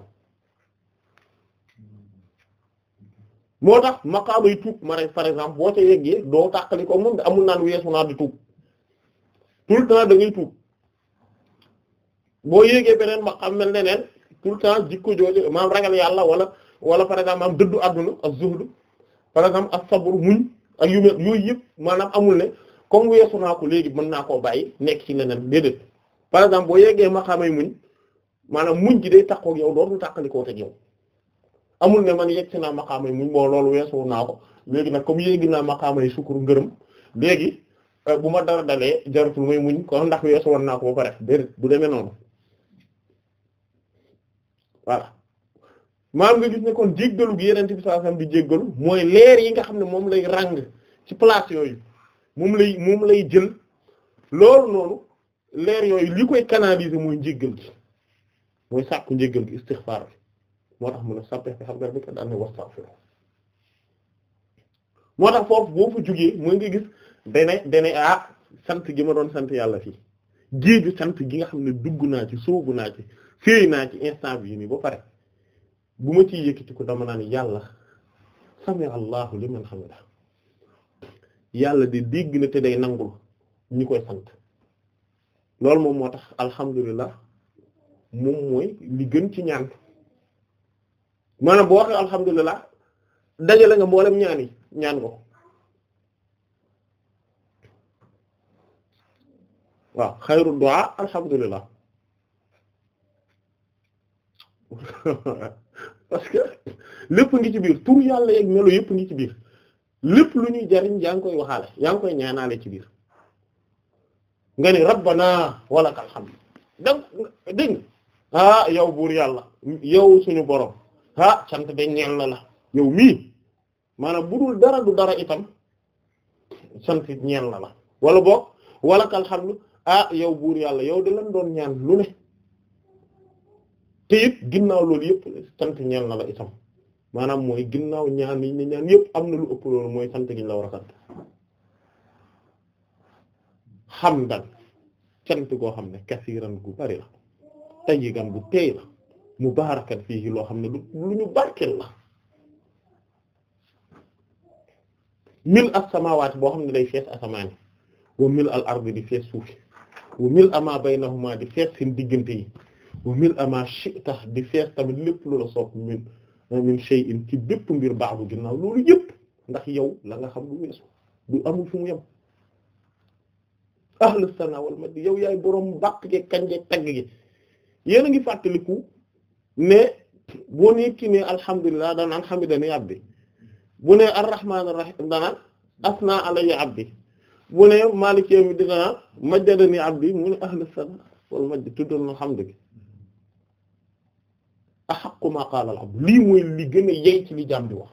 moo tax maqaama yi tuub mara par exemple boo ca yeggee doo tàqalikoo moom da amul naan weesu naa di tuub tout le temps da ngay tuub boo yéegee beneen maqaam mel neneen pour le temps jikko jooju maam ragal yàlla wala wala par exemple maam dëddu àdduna ak zuhdu par exemple ak sabr muñ ak yu mel yooyu yëpp maanaam amul ne comme weesu naa ko léegi mën naa koo bàyyi nekk ci leneen par exemple boo yeggee ma xamay muñ maanaam muñ gi day takkoo ak yow dootul tàqalikoo ak yow amul ne man yegg si naa maqaamay muñ boo loolu weesu naa ko léegi nag comme yegg naa maqaamay sukkur ngërëm léegi eh, bu ma dara dalee jaratul may muñ kon ndax weesu woon naa ko ba pare déedéet bu demee noonu voilà maanaam nga gis ne kon jéggalu gi yeneen bi sallallahu alayhi wasallam jéggalu mooy leer yi nga xam ne moom lay ràng ci place yooyu moom lay moom lay jël loolu noonu leer yooyu li koy canaliser mooy njéggal gi mooy sàkku njéggal gi istighfar moo tax mun a sàppe fi xam nga bi ko daan ne wastaghfir moo tax foofu boo fa jógee mooy nga gis dene dene ah sant gi ma doon sant yàlla fii géeju sant gi nga xam ne dugg naa ci sóobu naa ci fii naa ci instant bii nii ba pare bu ma ciy yëkkati ko dama naan yàlla sami allahu liman hamida yàlla di dégg na te day nangul ñi koy sant loolu moom moo tax alhamdulilah moom mooy li gën ci ñaan maanaam boo waxee alhamdulilah dajale nga mboolem ñaan yi ñaan ko waaw xayru du'a alhamdulilah parce que lépp ngi ci biir tur yàlla yeeg melo yëpp ngi ci biir lépp lu ñuy jariñ yaa ngi koy waxaale yaa ngi koy ñaanaale ci biir nga ni rabbana walakal hamd donc dégg ah yow buur yàlla yow suñu borom ah sant de ñeel na la yow mii maanaam bu dul dara du dara itam sant ñeel na la wala boog walakal hamd ah yow buur yàlla yow de lan doon ñaan lu ne te it ginnaaw loolu yëpp sant ñeel na la itam maanaam mooy ginnaaw ñaan yi ñu ñaan yëpp am na lu ëpp loolu mooy sant gi ñu la war a sant hamdan sant goo xam ne kasiiran gu bari la tayyiban gu teey la mubaarakan fii loo xam ne lu ñu barkeel la mil as samaawaati boo xam ne day fees asamaani wa mil al ardi di fees suufi wa mil ama baynahuma di fees seen diggante yi wa mil ama chita di fees tamit lépp lu la sopp min min shay'in ci bépp mbir baax bu ginnaaw loolu yëpp ndax yow la nga xam du weesu du amul ahlu sana wal madi yow yaay boroom bàq ge kanje tagg yéen a ngi fàttaliku ne boo nekki ne alhamdulilah danaan hamidani abdi bu ne arrahmaanir rahiim danaan asna alayya abdi bu ne maaliki yawmid danaan majjadani abdi mu ne ahlu sana wal madi tuddal na gi ahaqqu ma qaala al lii mooy li gën a yey ci li jaam di wax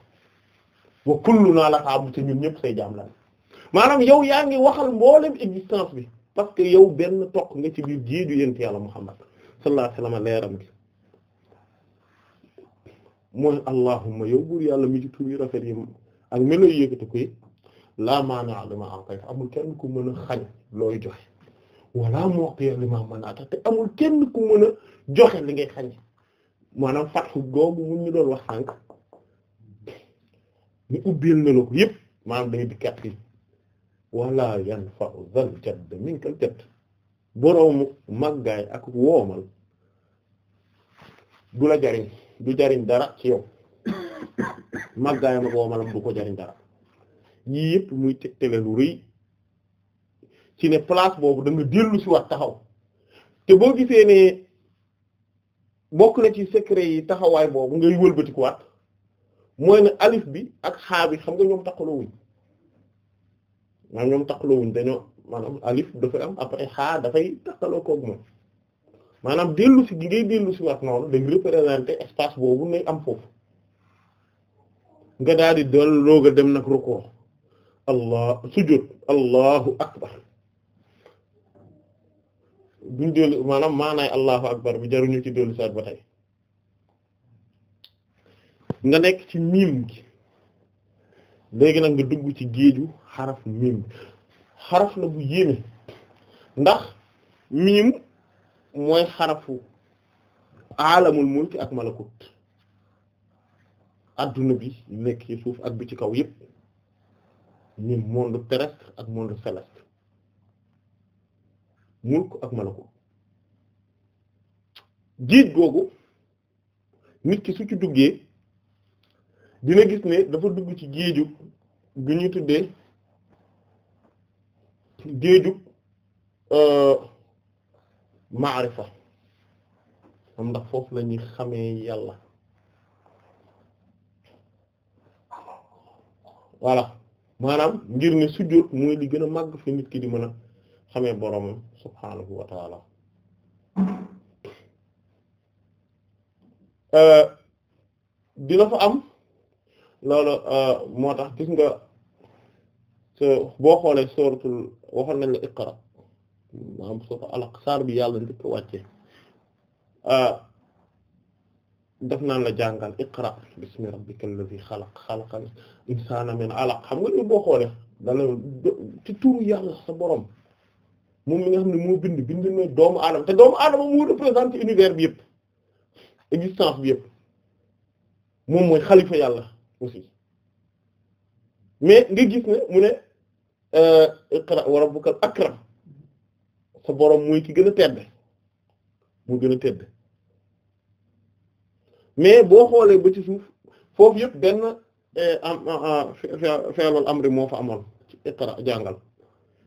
wa kullunaa laka abd te ñun ñëpp say jaam la maanaam yow yaa ngi waxal mboolem existence bi parce que yow benn toq nga ci biir jiiju yent yàlla Muhammad sallallahu alayhi wa sallam leeram gi mooy allahumma yow buur yàlla mi ci tur rafet yi ak melo yëkkati ko laa maanaa li ma a'tayt amul ku mën a looy joxe wala mu'ti li ma mana'ta amul kenn ku mën a joxe li ngay xañ maanaam fatxu googu mu ñu doon wax sànq ñu ubbil na la ko yëpp maanaam day dikkat fii wala yan fa zal jadd minkal jadd boroomu màggaay ak woomal du la jariñ du jariñ dara ci yow màggaayam ak woomalam du ko jariñ dara yii yëpp muy tegtale lu rëy ci ne place boobu da nga dellu ci wax taxaw te boo gisee ne bokk na ci secret yi taxawaay boobu ngay wëlbatikuwaat mooy ne alif bi ak xaa bi xam nga ñoom takkaloo wuñ maanaam ñoom takkaloo wuñ dañoo maanaam alif dafay am après xaa dafay takkaloo koog moom maanaam dellu si gi ngay dellu si waat noonu dañ représenter espace boobu nay am foofu nga daal di dool looga dem nag rukkoo allah sujud allahu akbar duñ dellu maanaam maanaay allahu akbar bi jaruñu ci dellu saat ba tey nga nekk ci miim gi léegi na nga dugg ci géeju xaraf miim xaraf la bu yéeme ndax miim mooy xarafu alamul mulk ak malakut adduna bi nekk ci suuf ak bi ci kaw yépp miim monde terrestre ak monde céleste mulk ak malakut jiit googu nit ki su ci duggee dina gis ne dafa dugg ci géeju gu ñu tuddee géeju euh, maarifa xam ndax foofu la ñuy xamee yàlla voilà maanaam ngir ne sujjóot mooy li gën a màgg fi nit ki di mën a xamee boromam subhaanahu wa taala euh, dina fa am loolu euh, moo tax gis nga boo xoolee sooratul waxoon nañ la iqra maanaam sooratul alaq saar bi yàlla njëkk wàcce euh, def naan la jàngal iqra bismi rabbikal ladhi xalaq xalaqal insaana min alaq xam nga ni boo xoolee dana ci turu yàlla sa borom moom mi ngi xam ne moo bind bind na doomu aadama te doomu aadama moo représente univers bi yëpp existence bi yëpp moom mooy xalifa yàlla aussi mais nga gis ne mu ne euh, iqra wa rabbukal akram sa boroom mooy ki gën a tedd mu gën a tedd mais boo xoolee ba ci suuf foofu yëpp benn euh, am feelul amri moo fa amoon ci iqra jàngal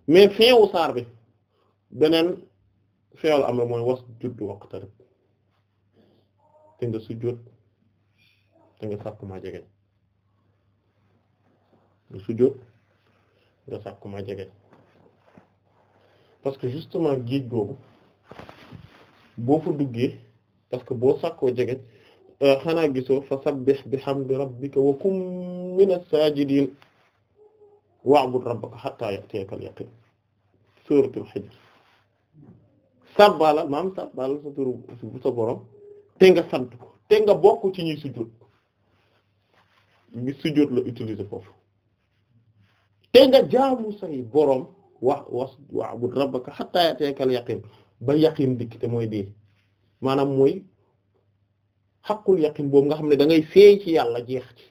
mais feewu saar bi beneen fi'l amr mooy wasjud waqtarib te nga sujjóot te nga sàkku maa jege nga sujjóot nga sàkku maa jege parce que justement géej boobu boo fa duggee parce que boo sàkkoo jege euh, xanaa gisoo fa sabbih bihamdi rabbika wa kum minas saajidin wa'bud rabbaka hatta ya'tiyakal yaqiin suuratul hijr sàbbaala maam sàbbaala sa turu sa boroom te nga sant ko te nga bokk ci ñuy sujjóot bi sujjóot la utiliser foofu te nga jaamu say boroom wax wax wa'bud rabbaka hatta ya'tiyakal yaqin ba yaqin dikk te mooy dee maanaam mooy xaqul yaqin boobu nga xam ne dangay ngay feey ci yàlla jeex ci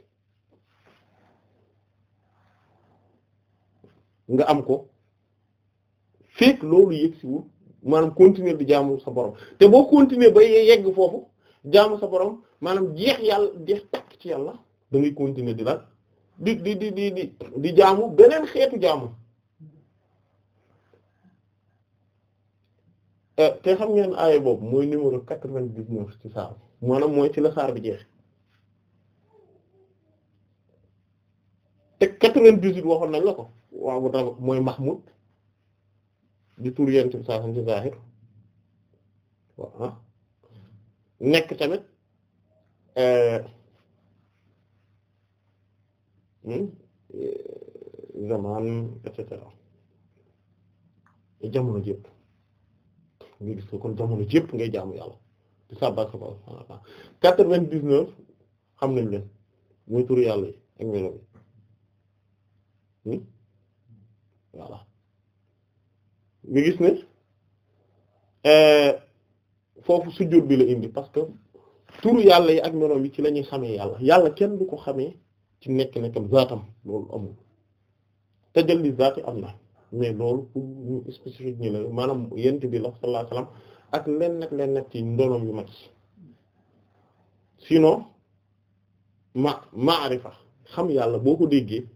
nga am ko fekk loolu yëgsiwul maanaam continuer di jaamu sa borom te boo continuer ba yegg foofu jaamu sa boroom maanaam jeex yàlla jeex takk ci yàlla da ngay continuer di lan di di di di di di jaamu beneen xeetu jaamu eh, te xam ngeen aaya boobu mooy numéro quatre vingt dix ci saar maanaam mooy ci la saar bi jeex te quatre vingt dix waxoon nañ la ko waaw mooy Mahmoud di tur yent bi saa ci zahir nekk tamit euh, hmm, euh, jamono jëpp nga gis ko kon jamono jëpp ngay jaamu yàlla di sabbal sabbal quatre-vingt-dix-neuf xam nañ leen mooy yàlla yi ak melo yi hmm? voilà nga gis ne euh, foofu sujjóot bi la indi parce que turu yàlla yi ak meloom yi ci lañuy ñuy xamee yàlla yàlla kenn du ko xamee ci nekk nekkam zaatam loolu amul tajalli zaati am na mais loolu pour ñi la maanaam yent bi la sallallahu alayhi wasallam ak len nag ci ndonoom yu mag sino ma maarifa xam yàlla boo ko déggee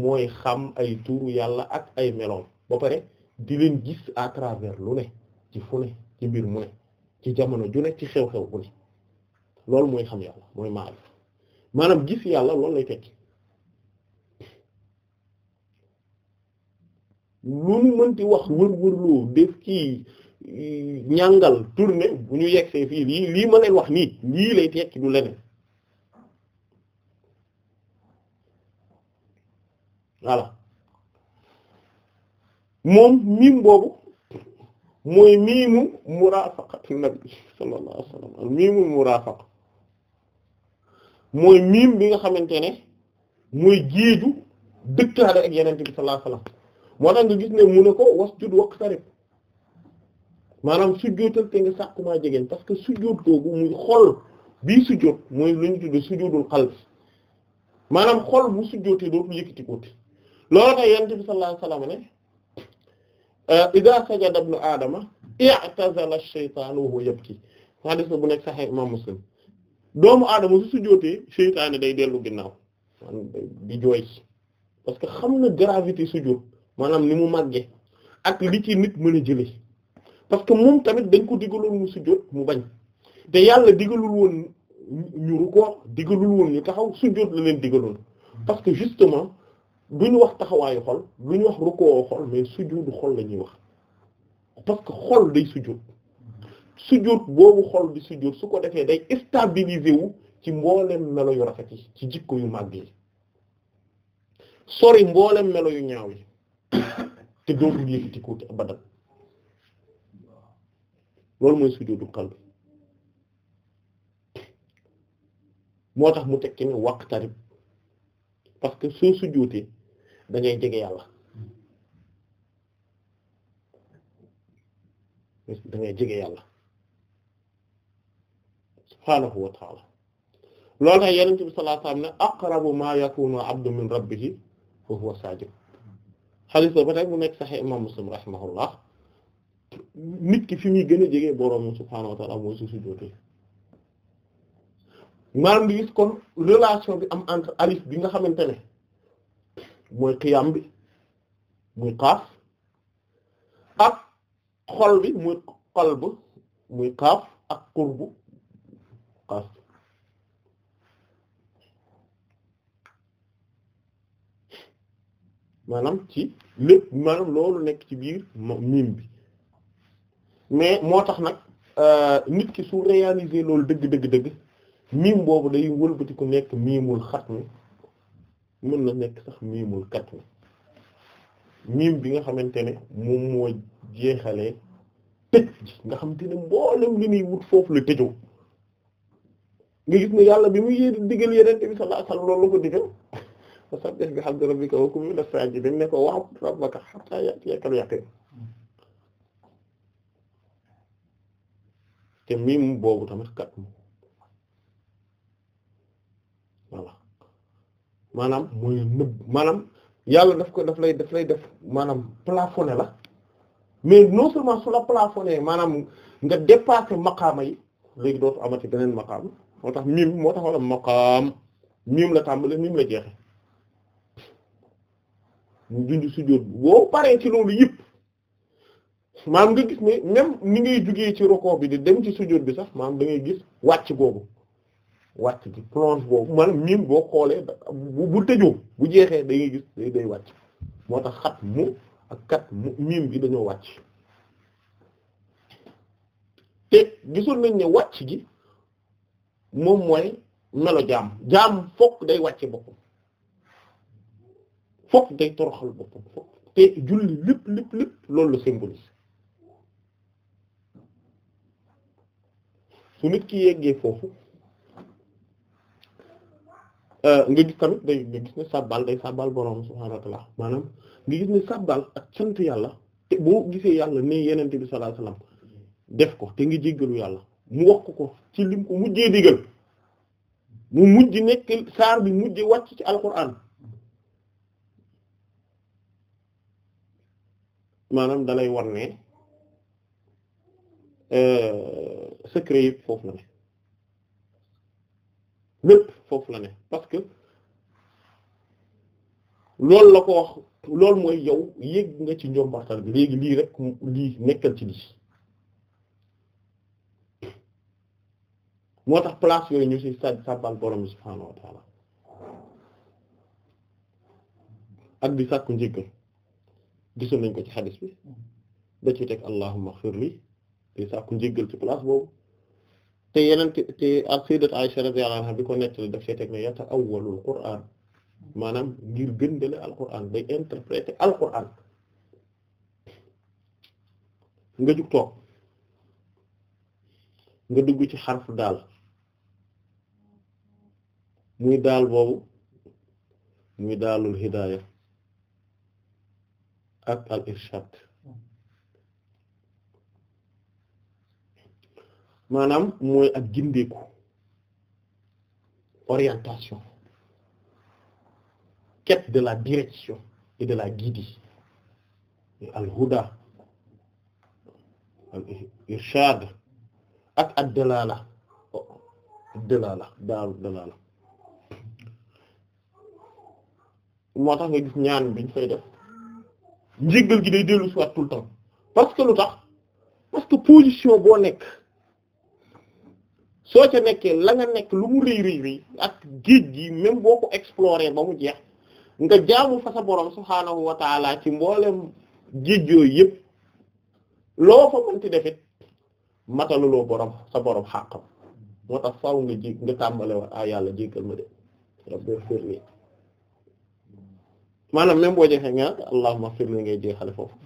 mooy xam ay turu yàlla ak ay meloom ba pare di leen gis à travers lu ne ci fu ne ci biir mu ne ci jamono ju ne ci xew-xew bu ne loolu mooy xam yàlla mooy maarif maanaam gis yàlla loolu lay tekki lu mu mënti wax wër-wërloo def kii e, ñàngal tourné bu ñu yegsee fii lii lii ma leen wax nii lii lay tekki du leneen voilà moom miim boobu mooy miimu murafaqati nabi sallallahu alayhi mooy miim bi nga xamante ne mooy géeju dëkkaale ak yenente bi sallallahu alayhi moo tax nga gis ne mu ne ko wax waqtarib maanaam sujjóotal te nga sàkku maa jegeen parce que sujjóot googu muy xol bii sujjóot mooy lu ñu tudde sujjóotul qalbi maanaam xol bu sujjóotee dootul yëkkati kooti loolu tax yenente bi sallallahu alayhi ne Euh, idaa sajada ibnu aadama i'tazala ash-shaytaan wa huwa yabki hadith bu nekk sahih imam muslim doomu aadama su sujjóotee seytaane day dellu ginnaaw di jooy parce que xam na gravité sujjóot maanaam ni mu màggee ak li ci nit mën a parce que moom tamit dañ ko digaloon mu sujjóot mu bañ te yàlla digalul woon ñu rukkoo digalul woon ñu taxaw sujjóot la leen digaloon parce que justement duñ wax taxawaayu xol duñ wax rukkoo xol mais sujuudu xol la ñuy wax parce que xol day sujuud sujuud boobu xol di sujuud su ko defee day stabiliser wu ci mboolem melo yu rafet yi ci jikko yu màgg yi sori mboolem melo yu ñaaw yi te dootul yëkkati ko loolu mooy sujuudu qalbi moo tax mu tekki ni waqtarib parce que soo sujootee dangay jege yàlla da jege yàlla subhaanahu wa taala loolu nag bi sallallahu alayhi wasallam ne aqrabu ma yakunu abdu min rabbihi fa huwa sajid xaalis ba tey mu nekk saxee imam muslim rahimahullah nit ki fi muy gën a jege boroom subhaanahu wa taala su sujjóotee maanaam bi gis kon relation bi am entre alif bi nga xamante ne muy xiyam bi muy xaaf ak xol bi muy bu muy xaaf ak xurbu xaaf maanaam ci lépp maanaam loolu nekk ci biir miim bi mais moo tax nag euh, nit ki su réaliser loolu dëgg dëgg dëgg miim boobu day wëlbati ku nekk miimul xat mi mën na nekk sax miimul kat miim bi nga xamante ne moom moo jeexalee tëj nga xamante ne mboolem li muy wut foofu la tëjoo nga gis ne yàlla bi muy yéeg digal yeneen bi sallallahu alayhi wasallam loolu la ko digal fasabbih bihamdi rabbika wa kun mina as-sajidin ne ko wa'bud rabbaka hatta ya'tiyaka al-yaqin te miim boobu tamit kat mi voilà. maanaam mooy nëbb maanaam yàlla daf ko daf lay daf lay def maanaam plafonné la mais non seulement su la plafonné maanaam nga dépassé maqaama yi léegi dootu amati beneen maqaam moo tax miim moo tax wala maqaam miim la tàmbale miim la jeexe mu junj sujjóot boo paree ci loolu yëpp maanaam nga gis ne même ni ngay jugee ci roko bi di dem ci sujjóot bi sax maanaam dangay ngay gis wàcc googu wàcc bi plonge boobu maanaam miim boo xoolee bu tëjoo bu jeexee da gis day wàcc moo tax xat mu ak kat mu miim bi dañoo wàcc te gisul nañ ne wàcc gi moom mooy melo jaam jaam fokk day wàcce boppam fokk day toroxal boppam fokk te julli lépp lépp lépp loolu la su nit ki yeggee foofu Euh, nga gis tamit day nga gis ne sabbal day sabbal borom subhaanahu wa ta'aala maanaam nga gis ne sabbal ak sant yàlla te boo gisee yàlla ne yenente bi sallallahu alayhi wa sallam def ko te nga jéggalu yàlla mu wax ko ci lim ko mujjee digal mu mujj nekk saar bi mujj wàcc ci alquran maanaam dalay war ne euh, secret yi foofu la ne lépp foofu la ne parce que loolu la ko wax loolu mooy yow yëg nga ci njombaxtal bi léegi lii rek lii nekkal ci lii moo tax place yooyu ñu si sa sàbbal borom bi wa ta'ala ak di sakku njéggal gisoon nañ ko ci xadis bi da ci teg allahumma xirli di sàkku njéggal ci place boobu te yeneen te ak sayyidat Aisha radiyallahu anha bi ko nettali daf see teg ne yata awwalul Qur'an maanaam ngir gëndale Alqur'an day interpréter Alqur'an nga jug toog nga dugg ci xarf daal muy daal boobu muy daalul hidaaya ak al irshad maanaam mooy ak gindeeku orientation quête de la direction et de la guidée al huda al ak ad dalala dalala daaru dalala moo tax nga gis ñaan biñ fay def njéggal gi day dellu ci waat tout parce que lu tax parce que position boo nekk soo ca nekkee la nga nekk lu mu rëy rëy ak géej gi même boo ko explorer ba mu jeex nga jaamu fa sa borom subhaanahu wa taala ci mboolem géej yooyu yëpp loo fa mënti defit mataluloo borom sa borom xàqam moo tax faaw nga ji tàmbale wa ah yàlla jéggal ma de rabbi firli maanaam même boo jeexee nga allahumma firli ngay jeexale foofu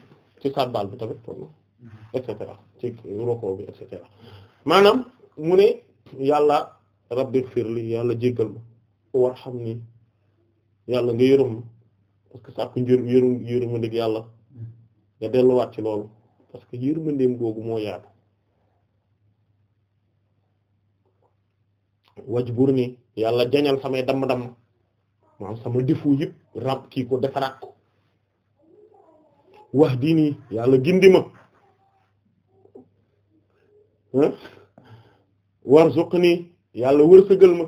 ci sàbbaal bi tamit et cetera maanaam mu ne yàlla rabbighfirli yàlla jéggal ma warhamni yàlla nga yërëm ma parce que sàkku njër yërëm yërëmandeeg yàlla nga delluwaat ci loolu parce que yërëmandeem googu moo yaatu wajburni yàlla jañal samay damm-damm maanaam sama defu yëpp rab kii ko defaraat ko wahdini yàlla gindi ma warzuqni yàlla wërsëgal ma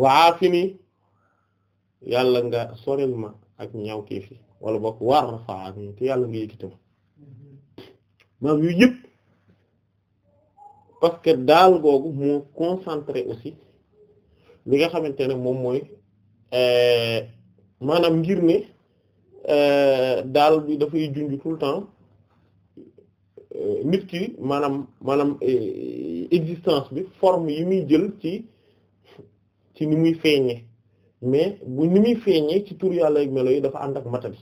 wa aafini yàlla nga soril ma ak ñaaw kii fi wala boog warfa'ni te yàlla nga yëkkati ma maam yu yëpp parce que daal googu moo concentré aussi li nga xamante ne moom mooy euh, maanaam ngir ne euh, daal bi dafay junj tout le temps nit ki maanaam maanaam e, existence bi forme yi muy jël ci ci ni muy feeñe mais bu ni muy feeñee ci tur yàlla ak melo yi dafa ànd ak matali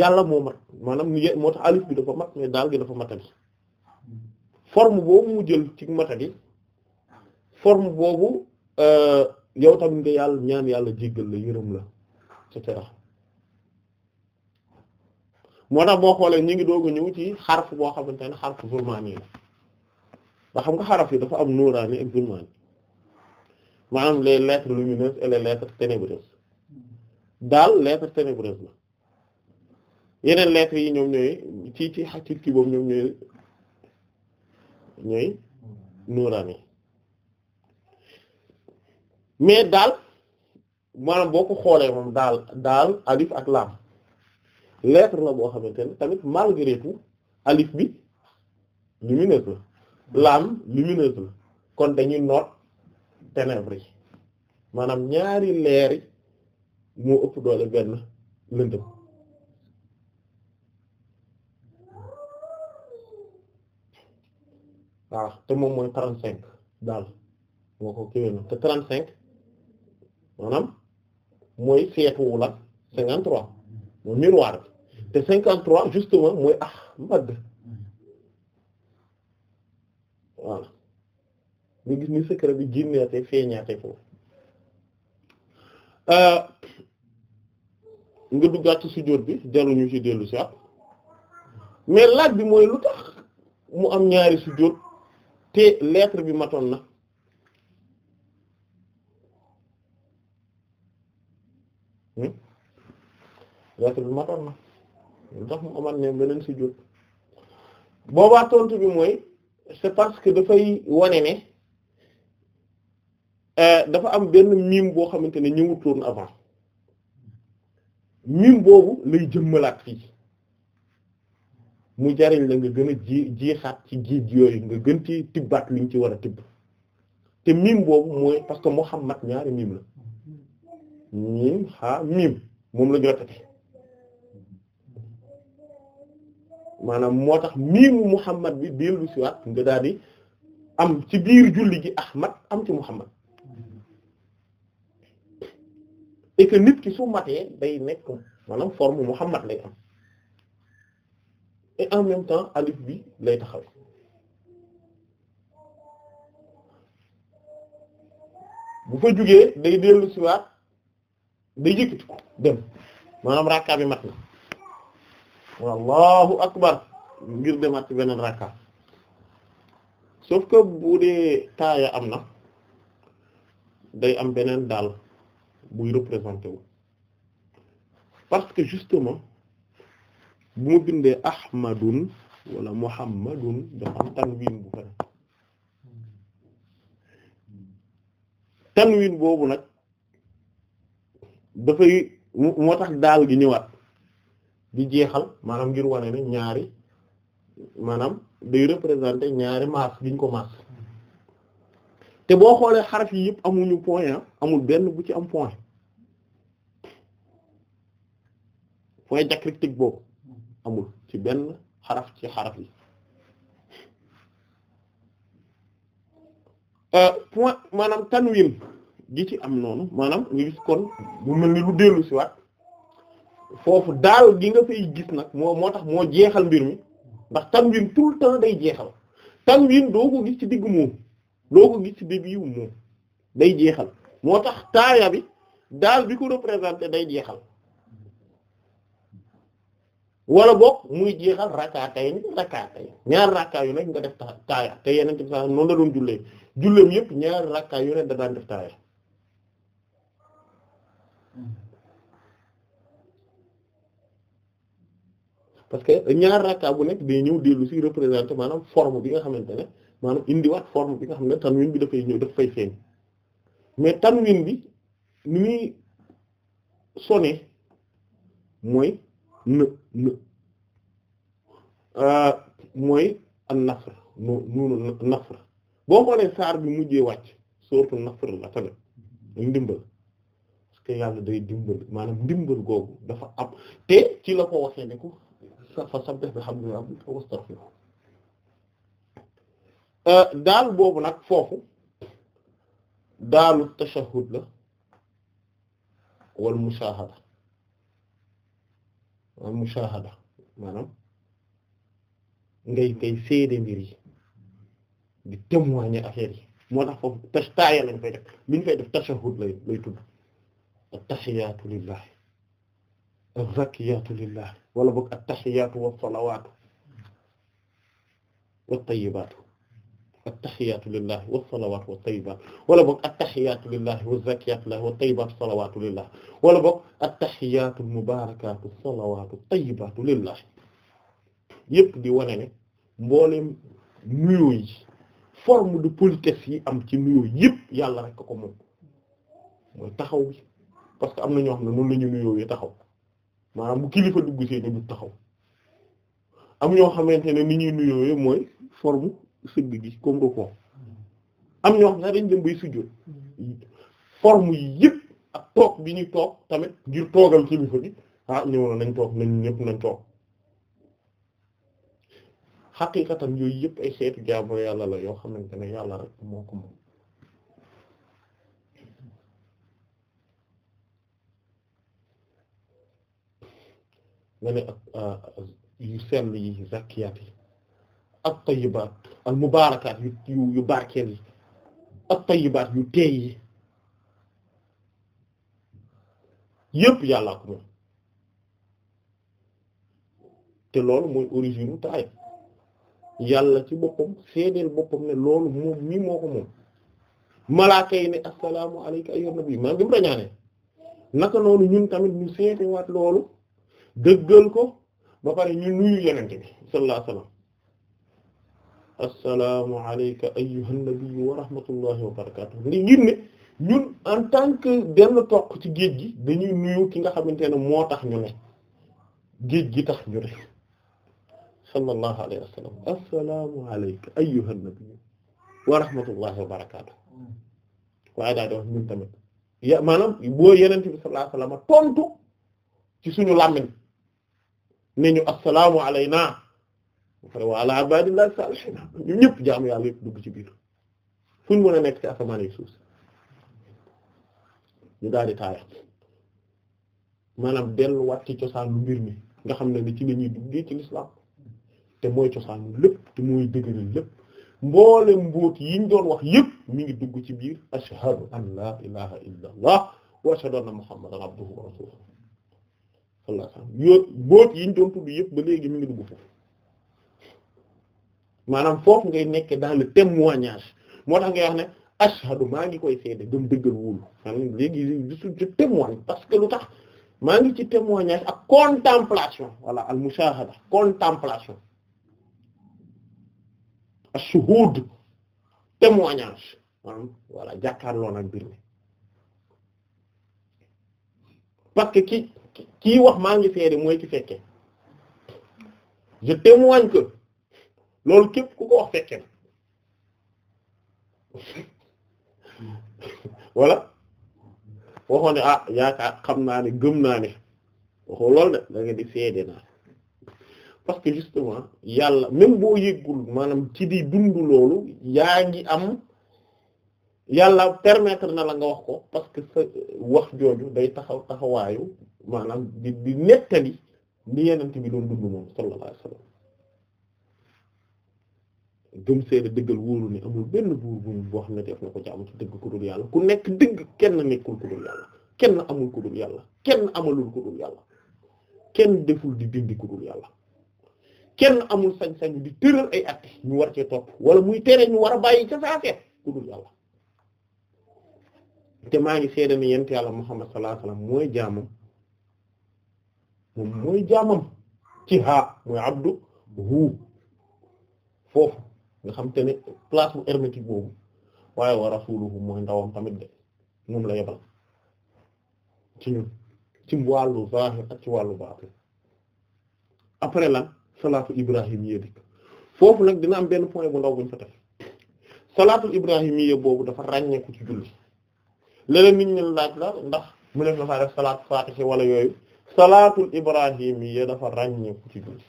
yàlla moo mat maanaam moo tax alif bi dafa mat mais daal gi dafa matadi forme boobu mu jël ci matadi forme boobu euh, yow tamit nga yàlla ñaan yàlla jéggal la yërëm la et moo tax boo xoolee ñu ngi doog a ñëw ci xarf boo xamante ne xarf zulmaani la ba xam nga xaraf yi dafa am nuuraani ak zulmaani maanaam les lettres lumineuses et les lettres ténébreuses daal lettre ténébreuse la yeneen lettres yi ñoom ñooy ci ci ci kii boobu ñoom ñooy ñooy yi mais daal maanaam boo ko xoolee moom daal daal alif ak laam lettre la boo xamante ne tamit malgré tout alif bi lumineuse la laam lumineuse la kon dañuy noot ténèbres yi maanaam ñaari leeri moo ëpp doole benn lëndëm waaw te moom mooy trente cinq daal moo ko kiwé na te trente cinq maanaam mooy seetu wu la trois mooy miroir bi te cinquante trois justement mooy Ahmad voilà nga gis ni secret bi génneete feeñaate foofu euh, nga duggaat ci sujjóot bi jaruñu ci dellu si at mais laaj bi mooy lu tax mu am ñaari sujjóot te lettre bi matoon na lettre bi matoon na lu tax mu amat ne beneen sujjóot boobaa tontu bi mooy c'est parce que dafay wane ne euh, dafa am benn miim boo xamante ne ñëwut woon avant miim boobu lay jëmmalaat fii mu jariñ la nga gën a ji jiixaat ci géej yooyu nga gën ci tibbaat liñ ci war a tibb te miim boobu mooy parce que Muhammad ñaari miim la miim xaa miim moom la ñu maanaam moo tax mu Muhammad bi dellu si waat nga daal di am ci biir julli gi Ahmad am ci Muhammad et nit ki su matee day nekk maanaam forme Muhammad lay am et en même temps alif bi lay taxaw bu fa jógee day dellu si waat day yëkkati ko dem maanaam rakka mat na wallahu akbar ngir demaat ci beneen rakka sauf que bu dee taaya am na day am beneen daal buy représenté wu parce que justement bu ma bindee ahmadun wala muhammadun dafa am tanwin bu fenn tanwin boobu nag dafay moo tax daal gi ñëwaat di jeexal maanaam ngir wane ne ñaari maanaam day représenter ñaari masse giñ ko masse te boo xoolee xaraf yi yëpp amuñu point ah, amul benn bu ci am point point diacritique boobu amul ci benn xaraf ci xaraf yi euh, point maanaam tanwin gi ci am noonu maanaam nga gis kon mu mel ni lu dellu ci waat foofu daal gi nga fay gis nag moo moo tax moo jeexal mbir mi ndax tanwin tout le temps day jeexal tanwin doo ko gis ci diggu moom doo ko gis ci début wu moom day jeexal moo tax taaya bi daal bi ko représenté day jeexal wala boog muy jeexal rakkaata yi rakkaata yi ñaar rakkaa yu nekk nga def taaya te yeneen ci sax noonu la doon jullee julleem yëpp ñaari rakkaa yu nekk da daan def taaya parce que ñaar rakka bu nekk day ñëw dellu ci représenter maanaam forme bi nga xamante ne maanaam indiwaat forme bi nga xam ne tanwin bi dafay ñëw daf fay feeñ mais tanwin bi ni muy sonné mooy në në euh, mooy an nafr nu nuunu nafr boo xoolee saar bi mujjee wàcc sourate nafr la tamit ndimbal parce que yàlla day dimbal maanaam ndimbal googu dafa am te ci la ko waxee ne ko fa sabbih bihamdi rabbika wastaghfirhu euh, daal boobu nag foofu daalu tashahhud la wal mushahada wal mushahada maanaam ngay ngay seede mbir yi di témoigner affaire yi moo tax foofu tash taaya lañ fay def bi ñu fay def tashahhud lay lay tudd at-tahiyatu lillahi az-zakiyaatu lillah wala boog at-tahiyaatu was-salawaatu wat-tayyibaatu at-tahiyaatu lillah was-salawaatu wat-tayyibaatu wala boog at-tahiyaatu lillah waz-zakiyaatu lillah wat-tayyibaatu salawaatu lillah wala boog at-tahiyaatu al-mubaarakaatu salawaatu at-tayyibaatu lillah yëpp di wane ne mboolem nuyoo yi forme de politesse yi am ci nuyoo yëpp yàlla rek ko moom mooy taxaw bi parce que am na ñoo xam ne noonu la ñu nuyoo yi taxaw. maanaam bu kilifa dugg see du taxaw am ñoo xamante ne ni ñuy nuyoo nuyoowe mooy forme sëgg gi comme repos am ñoo xam ne dañ dem bay sujjóot forme yi yëpp ak toog bi ñuy toog tamit ngir toogal kilifa gi ah ñëw nañ toog nañ ñëpp nañ toog xaqiiqatan yooyu yëpp ay xeetu jaamu yàlla la yoo xamante ne yàlla rek moo ko moom nga ne ak ah, yu yi zakiyaat yi ak tayyibaat al mubaarakaat yu yu barkeel yi ak tayyibaat yu teey yi yépp yàllaa ko moom te loolu mooy origine u taay yàlla ci boppam seedeel boppam ne loolu moom mii moo ko moom malaaka ne assalaamu alayka ayyuhan nabi maa ngi rañaane naka noonu ñun tamit ñu seetewaat loolu dëggal ko ba pare ñu nuyu yenente bi sallallahu alayhi wasallam assalaamu alayka ayyuhan nabiyyu wa rahmatullahi ngi ngir ne ñun en tant que benn toq ci géej gi dañuy nuyu ki nga xamante ne moo tax ñu ne géej gi tax ñu ne sallallahu alayhi wasallam assalaamu alayka ayyuhan nabiyyu wa rahmatullahi wa barakatuh waaye daal wax ñun tamit ya maanaam boo yenente bi sallallahu alayhi tontu ci suñu làmmiñ ne ñu assalaamu alayna wa ala ibadillahi salihina ñu ñëpp jaamu yàlla yëpp dugg ci biir fu ñu mën a nekk ci asamaan ak suuf ñu daal di taaya maanaam delluwaat ci cosaanu mbir mi nga xam ne ni ci la ñuy duggee ci lislaam te mooy cosaanu lépp te mooy dëgëral lépp mboole mbóot yi doon wax yëpp mi ngi dugg ci biir ashhadu an la ilaha illa wa ashhadu anna muhammadan abduhu wa rasuluhu walla yoo boot yi ñu doon tudd yëpp ba léegi mu ngi dugg foofu maanaam foofu ngay nekk dans le témoignage moo tax ngay wax ne ashhadu maa ngi koy seede gëm dëggal wóolu maanaam léegi je témoigne parce que lu tax maa ngi ci témoignage ak contemplation walla al mushahada contemplation ashuhud témoignage maanaam voilà jàkkaarloo nag mbir mi parce que ki kii wax maa ngi seede mooy ki fekke je loolu képp ku ko wax fekkee voilà ah, yaakaar xam naa ne gëm naa ne waxoo loolu di seede naa justement yàlla même boo yëggul maanaam ci di dund loolu yaa ngi am yàlla permettre na la nga wax ko parce que sa wax jooju day taxaw taxawaayu maanaam di nettali li yenent bi doon dund moom sallallahu alayhi wasallam gëm seede dëggal wóolu ne amul benn buur buñ boo xam ne def na ko jaamu ci dëgg ku dul yàlla ku nekk dëgg kenn nekkul ku dul yàlla kenn amul ku dul yàlla kenn amalul ku dul kenn deful di dindi ku dul yàlla kenn amul sañ-sañu di tëral ay atte ñu war cee topp wala muy tere ñu war a bàyyi ca saafee ku dul yàlla te maa ngi seede ne yent yàlla mu sallallahu alayhi wasallam mooy jaamam moom mooy jaamam ci ha mooy abdu hu foofu nga xam te ne place bu hermétique boobu waaye wa rasuluhu mooy ndawam tamit de moom la yebal ci ñun ci wàllu zahir ak ci wàllu baatin après lan salaatu ibrahimiyya dikk foofu nag dina am benn point bu ndaw buñ fa def salaatul ibrahimiyya boobu dafa ràññeeku ci julli leneen nit ñi laaj la ndax mu def na faa def salaatu faatihi wala yooyu salaatul ibrahimiyya dafa ràññee ci julli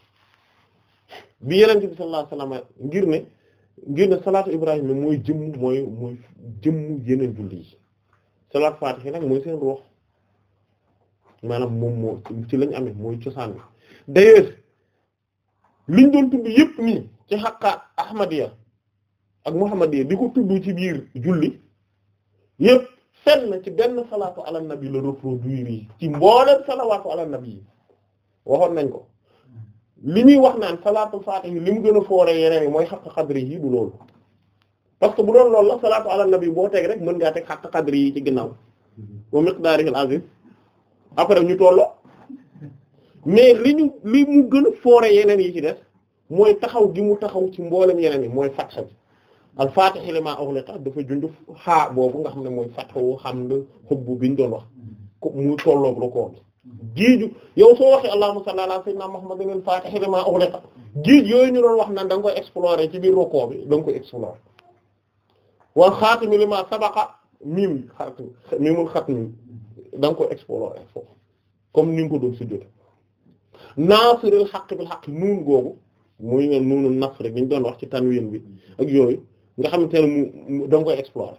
bi yeneen bi sallallahu alayhi wasallam ibrahim mooy jëmm mooy mooy jëmm yeneen julli yi salaatu faatihi nag mooy seen ruux maanaam moom moo ci lañ amee mooy cosaan bi d'ailleurs liñ doon tudd yépp nii ci xàqaat ahmadiya ak muhammadiya di ko tudd ci biir julli yépp fenn ci benn salaatu ala nabi la reproduire yi ci mbooleem salawaatu ala nabi yi waxoon nañ ko li ñuy wax naan salaatu faatih yi li mu gën a foore yeneen yi mooy xaq xadri yi du loolu parce que bu doon loolu la salaatu ala nabi boo teg rek mën ngaa teg xaq xadri yi ci ginnaaw wa miqdaarihil azim après ñu tollo mais li ñu li mu gën a foore yeneen yi ci def mooy taxaw gi mu taxaw ci mboolem yeneen yi mooy fatxa bi al-faatihi limaa ughliqa dafa junjuf xaa boobu nga xam ne mooy fatxu hamd xubbu biñ doon wax ko muy tolloog rukoo bi yow soo waxee allahumma salli ala sayyidina muhammadin al-faatihi limaa yooyu ñu doon wax naan da nga koy explorer ci biir rukoo bi da nga koy explorer wal xaatimi limaa sabaqa miim xatim miimul xatmi da nga koy explorer foofu comme ni nga ko doon sujjóot naasiril xaq bil xaq nuun googu muy ne nuunu nasr bi ñu doon wax ci tanwin bi ak yooyu nga xamante ne mu da nga koy explorer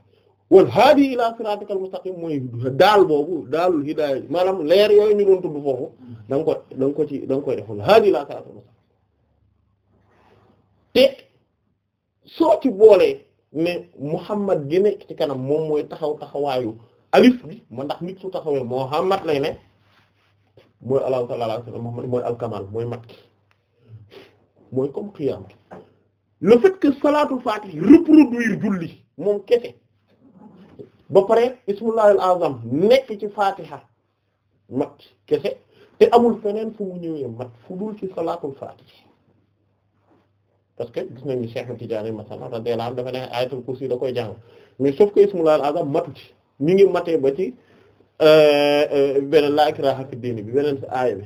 wal haadi ila siratikal mustaqim mooy daal boobu daalul hidaaya maanaam leer yooyu ñu doon tudd foofu da nga ko da ko ci da koy def wal haadi ila siratikal mustaqim te soo ci boolee ne Muhammad gi nekk ci kanam moom mooy taxaw taxawaayu alif bi ma ndax nit su taxawee Muhammad lay ne mooy allahu taala ala Muhammad mooy alkamal mooy mat mooy comme xiyaam le fait que salaatul fatih reproduire julli moom kese ba pare ismullahil azam nekk ci fatiha mat kese te amul feneen fu mu ñëwee mat fu dul ci salaatul fatih parce que gis nañu Cheikh Tidiane masala radiyallahu anhu dafa ne ayatul kursi da koy jàng mais sauf que ismullahil azam matu ci ñu ngi mate ba ci euh, euh, beneen la ikraha fi diini bi beneen aaya bi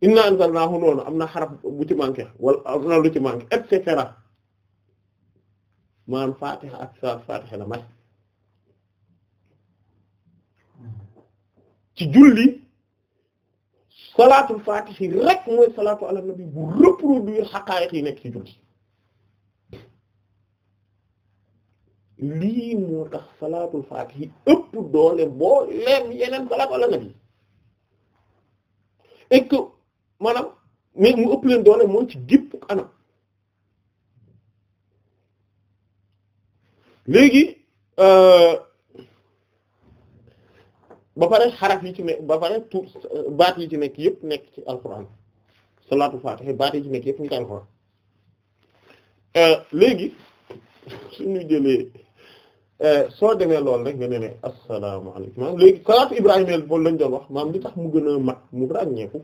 inna anzalnahu noonu am na xaraf bu ci manqué wala am na lu ci manqué et ak sa fatiha may ci julli salaatul fatihi rek mooy salaatu ala nabi bu reproduire xaqaayiq yi nekk ci julli lii moo tax salaatul fatihi ëpp doole boo leen yeneen salaatu ala nabi maanaam mais mu ëpp leen doole moom ci gépp anam léegi euh, bapare pare yi ci nekk ba pare baat yi ci nekk yëpp nekk ci alxuraan salaatu faatiha baat yi ci nekk yëpp euh, ñu ngi alxuraan léegi suñu jëlee euh, soo demee loolu rek nga ne ne asalaamaaleykum maanaam léegi salaatu ibrahima bool lañ doon wax maam li tax mu gën a mat mu ràññeeku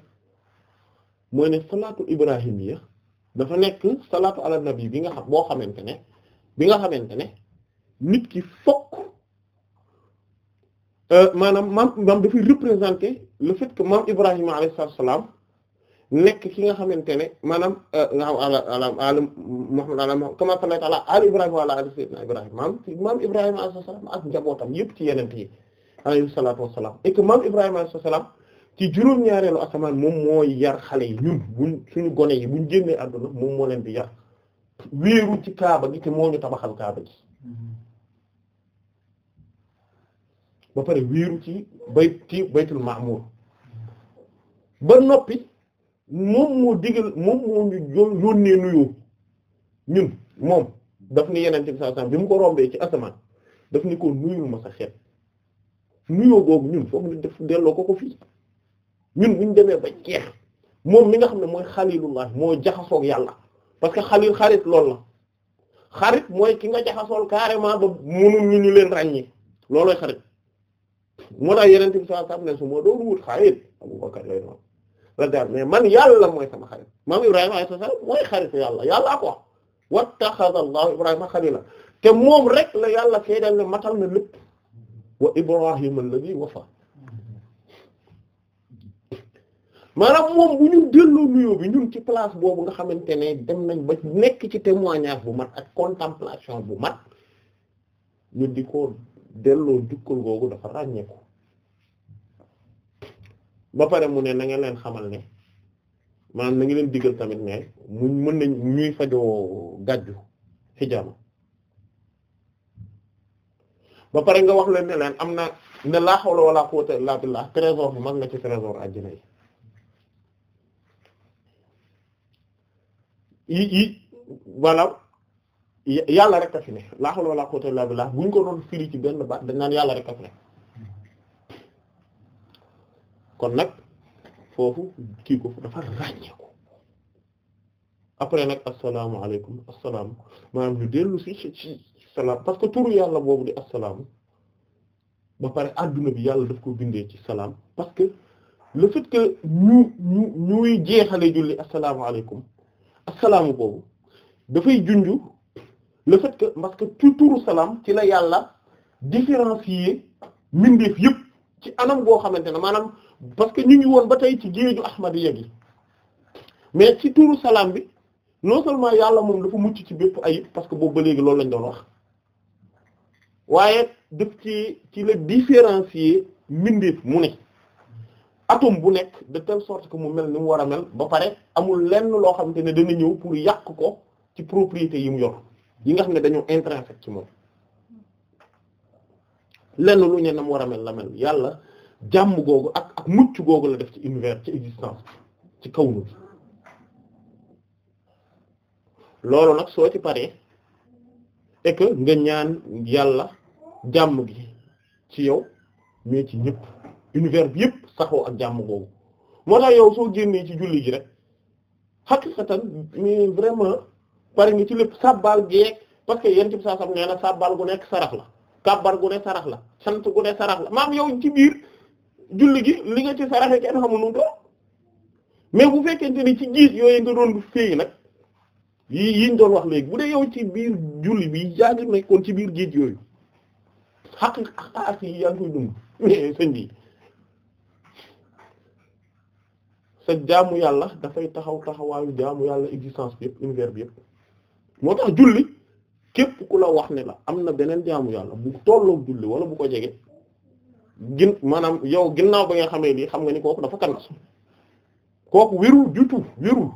mooy ne salaatu ibrahimiya dafa nekk salaatu ala nabi bi nga xam boo xamante ne bi nga xamante ne nit ki fokk euh, maanaam maam maam dafay représenter le fait que maam Ibrahima alayhi salaam nekk ki nga xamante ne maanaam euh, nga xam ala ala ala Muhammad ala kama sallayta ala ali Ibrahima wa ak njabootam yëpp ci yeneen yi alayhi salaatu wa salaam maam Ibrahima alayhi salaam ci juróom-ñaareelu asamaan moom mooy yar xale yi ñun buñ suñu gone yi buñ génnee àdduna moom moo leen di yar wéeru ci kaaba gi te moo ñu tabaxal kaaba gi ba pare wéeru ci bay ci baytul ma'mur ba noppi moom moo digal moom moo ñu yónnee nuyoo ñun moom daf ni yeneen bi sallallahu alayhi bi mu ko rombee ci asamaan daf ni ko nuyul ma sa xeet nuyoo googu ñun foofu ni def delloo ko ko fii ñun bu ñu demee ba jeex moom mi nga xam ne mooy xalilullah moo jaxasoog yàlla parce que xalil xarit loolu la xarit mooy ki nga jaxasool carrément ba mënul ñu ñu leen ràññee loolooy xarit moo tax yenen bi a alayhi wasallam ne su moo doon wut xarit Abubakar lay la daal mais man yàlla mooy sama xarit maam Ibrahima alayhi salaam mooy xaritu yàlla yàlla ko wattaxaza Allahu Ibrahima xalila te moom rek la yàlla fee dal matal na lépp wa Ibrahima alladhi wafa maanaam moom bu ñu delloo nuyoo bi ñun ci place boobu nga xamante ne dem nañ ba nekk ci témoignage bu mag ak contemplation bu mat ñu di ko delloo jukkal googu dafa ràññeeku ba pare mu ne na ngeen leen xamal ne maanaam na ngi leen digal tamit ne mu mën nañ ñuy fajoo gàjju xijaama ba pare nga wax leen ne leen am na ne laa hawla wala quwwata illa billah trésor bu mag nga ci trésor àjjina yi yi yàlla rek a fi ne laa hawla wa bu ñu ko doon firi ci benn baat dañ naan yàlla rek a fi ne kon nag foofu kii ko dafa ràññeeku après nag asalaamaaleykum asalaam maanaam ñu dellu si salaam parce que turu yàlla boobu di asalaam ba pare adduna bi yàlla daf ko bindee ci salaam parce que le fait que ñu ñu ñuy jeexale julli asalaamaaleykum assalaamu boobu dafay junju la fait que ci turu salaam ci la yàlla différencier mbindeef yëpp ci anam goo xamante ne maanaam parce que ñu ngi woon ba tey ci géeju ahmadiyya yi mais ci tuuru salaam bi non seulement yàlla moom dafa mucc ci bépp ayib parce que boobu ba léegi loolu lañ doon wax waaye def ci ci la différencier mbindeef mu ne atum bu nekk de telle sorte que mu mel ni mu war a mel ba pare amul lenn loo xamante ne dana ñëw pour yàq ko ci propriété yi mu yor yi nga xam ne dañoo intrinsèque ci moom lenn lu ñu ne mu war a mel la mel yàlla jàmm googu ak ak mucc googu la def ci univers ci existence ci kaw nu loolu nag soo ci paree et que nga ñaan yàlla jàmm gi ci yow mais ci ñëpp univers bi yëpp saxoo ak jàmm googu moo tax yow soo génnee ci julli gi rek xaqiqatan mais vraiment pare nga ci lépp sabbal geeg parce que yéen ci saa sam sabal na nekk sarax la kabbar gu sarax la sant gu ne sarax la maam yow ci biir julli gi li nga ci saraxe kenn xamul nu mu mais bu fekkente ni ci gis yooyu nga doon féey nag yi yiñ doon wax léegi bu dee yow ci biir julli bi yaa ngi nekkoon ci biir géej yooyu xaq xaas yi yaa ngi koy dund mais sa jaamu yàlla dafay taxaw taxawaayu jaamu yàlla existence bi yëpp univers bi yëpp moo tax julli képp ku la wax ne la am na beneen jaamu yàlla bu tolloog julli wala bu ko jegee gin maanaam yow ginnaaw ba nga xamee lii xam nga ni kooku dafa kan kooku wérul du tout wérul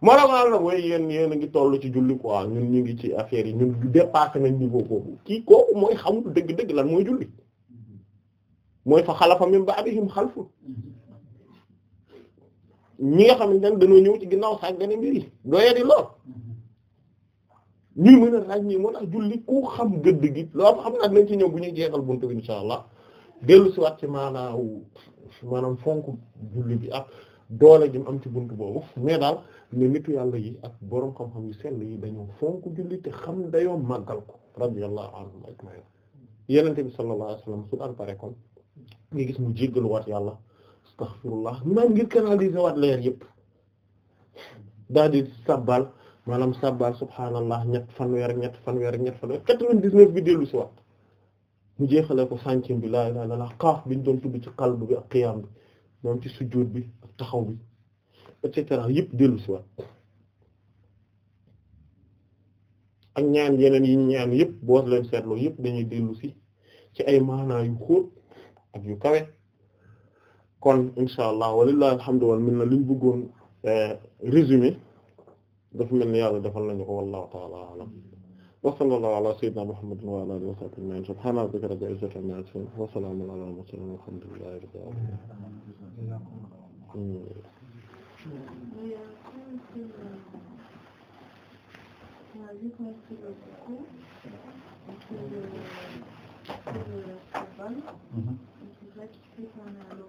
maanaam la mooy yéen yéen a ngi toll ci julli quoi ñun ñu ngi ci affaire yi ñun dépassé nañ niveau boobu kii kooku mooy xamul dëgg-dëgg lan mooy julli mooy fa xalafa min ba'dihim xalfun ñi nga xam ne dañoo ñëw ci ginnaaw sàggane mbir yi doye a ràññee xam gëdd gi loolu xam naa nañ ci ñëw bu ñuy jeexal buntu bi insha allah dellu si waat ci maanaaw fonk julli bi ak doole ji am ci bunt boobu mais daal ne nitu yàlla yi ak boroom xam-xam yu sell yi dañoo fonk julli te xam dayoo màggal ko radiyallahu anhum ajma'in yenente bi sallallahu alayhi wasallam su daan pare kon nga gis mu jéggalu waat yàlla astaghfirullah maanaam ngir canaliser waat leer yëpp daal di sabbal maanaam sabbal subhaanallah ñett fanweer ñett fanweer ñett fanweer quatre vingt bi dellu si waat mu jeexalee ko centième bi laa ilaaha illallaah xaaf biñ doon tudd ci qalb bi ak qiyaam bi moom ci sujjóot bi ak taxaw bi et cetera yëpp dellu si waat ak ñaan yeneen yi ñaan yëpp boo leen seetloo yëpp dañuy dellu si ci ay maanaa xóot ak yu kawe kon insha allah walillahi alhamdu wal minna liñ bëggoon eh, résumé dafa mel ni yàlla defal nañu ko wallahu ta'ala a'lam wa sallallahu ala sayyidina muhammadin wa ala alihi wa sahbihi ajma'in subhana rabbika rabbil izzati amma yasifun wa salamun ala al mursalin walhamdulillahi rabbil alamin hmm. mm-hmm.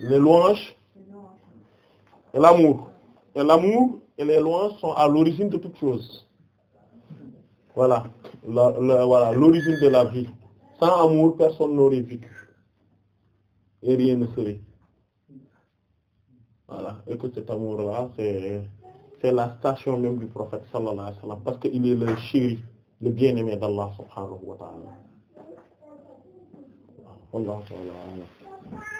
les louanges et l'amour. Et l'amour et les louanges sont à l'origine de toute chose. Voilà, la, la, voilà, l'origine de la vie. Sans amour, personne n'aurait vécu. Et rien ne serait. Voilà, et que cet amour-là, c'est, c'est la station même du prophète sallallahu alayhi wa sallam, parce qu'il est le chéri, le bien-aimé d'Allah subhanahu wa ta'ala. Allah ta'ala.